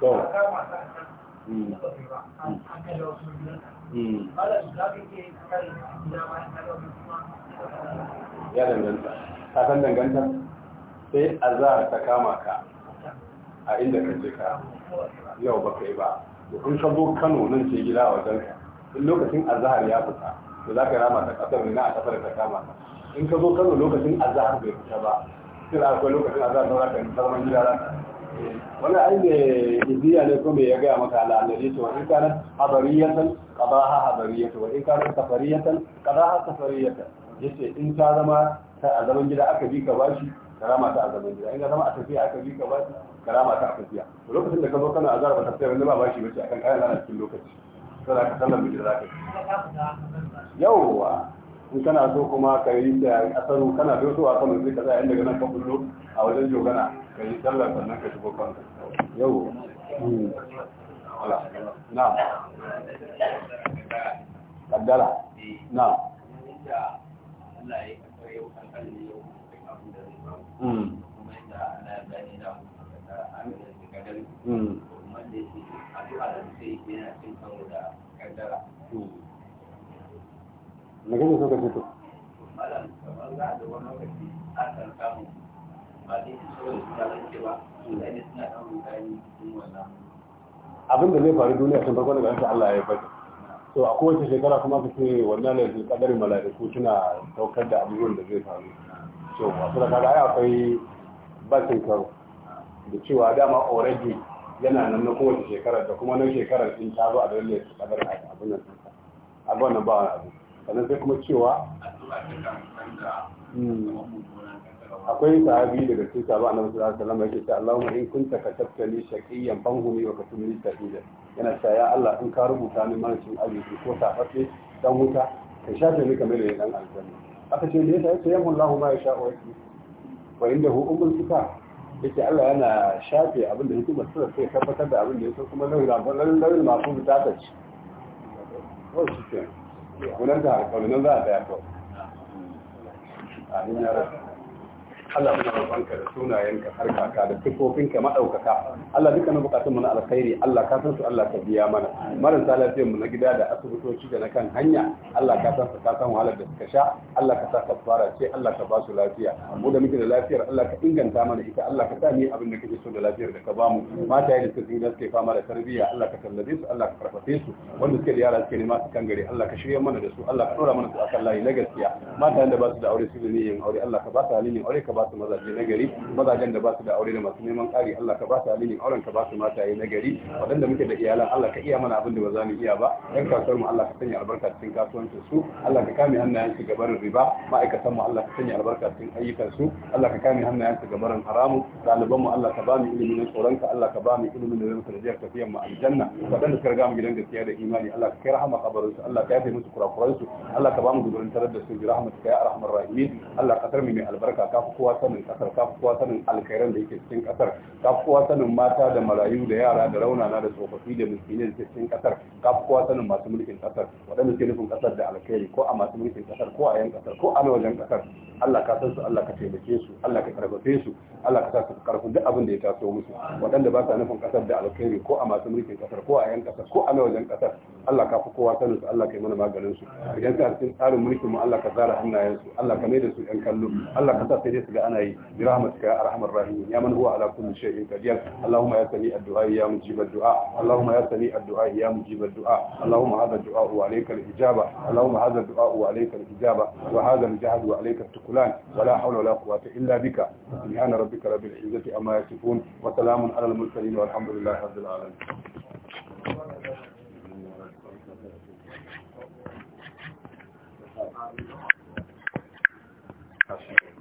to hmm. ya danganta ka san danganta sai azar ta kama ka a inda ka je ka yau ba kai ba in ka zo kano nan ce gida a wajen ka in lokacin azahar ya fita to za ka rama ta kasar ne na a kasar ta kama ka in ka zo kano lokacin azahar bai fita ba sai akwai lokacin azahar na za ka yi zaman gida za wani ai ne indiya ne kuma ya gaya maka al'adari to in kanar habariyatan ha habariyatan wa in kana safariyatan qadaha safariyatan ce in ta zama ta a zaman gida aka bi ka bashi karama ta a zaman gida in ka zama a tafiya aka bi ka bashi karama ta a tafiya lokacin da ka zo kana azara ba tafiya wani ba bashi a kan kayan lana cikin lokaci sai ka sallar mu da zaka yawwa in kana so kuma ka yi ta asaru kana so a kano zai ka tsaya daga nan ka kullo a wajen jogana ka yi sallar sannan ka shigo kanka yau hmm. na kaddara na Mm. Hmm. Hmm. na gani so ka ce abin da zai faru duniya sun farko daga yanzu Allah ya yi fata so a kowace shekara kuma su ce wannan ne kadari mala'iku suna saukar da abubuwan da zai faru so wasu da kaga ya akwai bakin karo da cewa dama already yana nan na kowace shekara da kuma nan shekarar in ta zo a dalilin kadari abin nan a ba wannan ba wani abin sannan sai kuma cewa hmm, akwai sahabi daga cikin sahabi annabi sallallahu alaihi wasallam yake cewa Allahumma in kunta katabta li shaqiyyan fanhumi wa katub li sa'ida yana cewa ya Allah in ka rubuta ni marashin arziki ko tafafe dan wuta ka shafe ni kamar da dan aljanna aka ce ne sai yamma Allahu ma yasha wa yasmi wa indahu ummul kitab yake Allah yana shafe abin da hukumar sura sai tabbatar da abin da yake kuma lauyi da lauyi masu ta ta ci kunan ta alƙawarin za a tsaya kawai a hanyar Allah muna roƙonka da sunayenka har kaka da sifofinka maɗaukaka. Allah dukkanin bukatun mu na alkhairi Allah ka san su Allah ka biya mana marasa lafiyar mu na gida da asibitoci da na kan hanya Allah ka san su ka san wahalar da suka sha Allah ka sa ka fara ce Allah ka ba su lafiya mu da muke da lafiyar Allah ka inganta mana ita Allah ka sa ni abin da kake so da lafiyar da ka ba mu mata yayin da suke da suke fama da tarbiyya Allah ka tallabe su Allah ka karfafe su wanda suke da yara suke nema su kan gare Allah ka shirya mana da su Allah ka ɗora mana su a kan layi na gaskiya mata da ba su da aure su da yin aure Allah ka ba su halin yin aure ka ba ba su mazaje na gari mazajen da ba su da aure da masu neman ƙari Allah ka ba su auren ka ba su mataye na gari waɗanda muke da iyalan Allah ka iya mana abin da ba za mu iya ba yan kasuwar mu Allah ka sanya albarka cikin kasuwancin su Allah ka kame hannayen su gabarin riba ma'aikatan mu Allah ka sanya albarka cikin ayyukan su Allah ka kame hannayen su gabarin haramu ɗaliban mu Allah ka ba mu ilimin tsoron ka Allah ka ba mu ilimin da zai mutu da tafiyan mu aljanna waɗanda suka riga mu gidan gaskiya da imani Allah ka kai rahama kabarin su Allah ka yafe musu kurakuran su Allah ka ba mu gudurin tarar da su bi rahmatika ya arhamar rahimin Allah ka tarmi mai albarka ka fi kowa sanin kasar ka kowa sanin alkairan da yake cikin kasar ka kowa sanin mata da marayu da yara da raunana da tsofaffi da miskinai da cikin kasar ka kowa sanin masu mulkin kasar waɗanda ke nufin kasar da alkairi ko a masu mulkin kasar ko a yan kasar ko a wajen kasar Allah ka san su Allah ka taimake su Allah ka karbace su Allah ka sa su karfin duk abin da ya taso musu waɗanda ba sa nufin kasar da alkairi ko a masu mulkin kasar ko a yan kasar ko a wajen kasar Allah ka fi kowa sanin su Allah ka yi mana maganin su idan ka cikin tsarin mulkin mu Allah ka tsara hannayen su Allah ka mai da su yan kallo Allah ka sa sai dai su برحمتك يا أرحم الراحمين يا من هو على كل شيء قدير اللهم يا سميع الدعاء يا مجيب الدعاء اللهم يا سميع الدعاء يا مجيب الدعاء اللهم هذا الدعاء وعليك الإجابة اللهم هذا الدعاء وعليك الإجابة وهذا الجهد وعليك التكلان ولا حول ولا قوة إلا بك سبحان ربك رب العزة أما يصفون وسلام على المرسلين والحمد لله رب العالمين Thank you.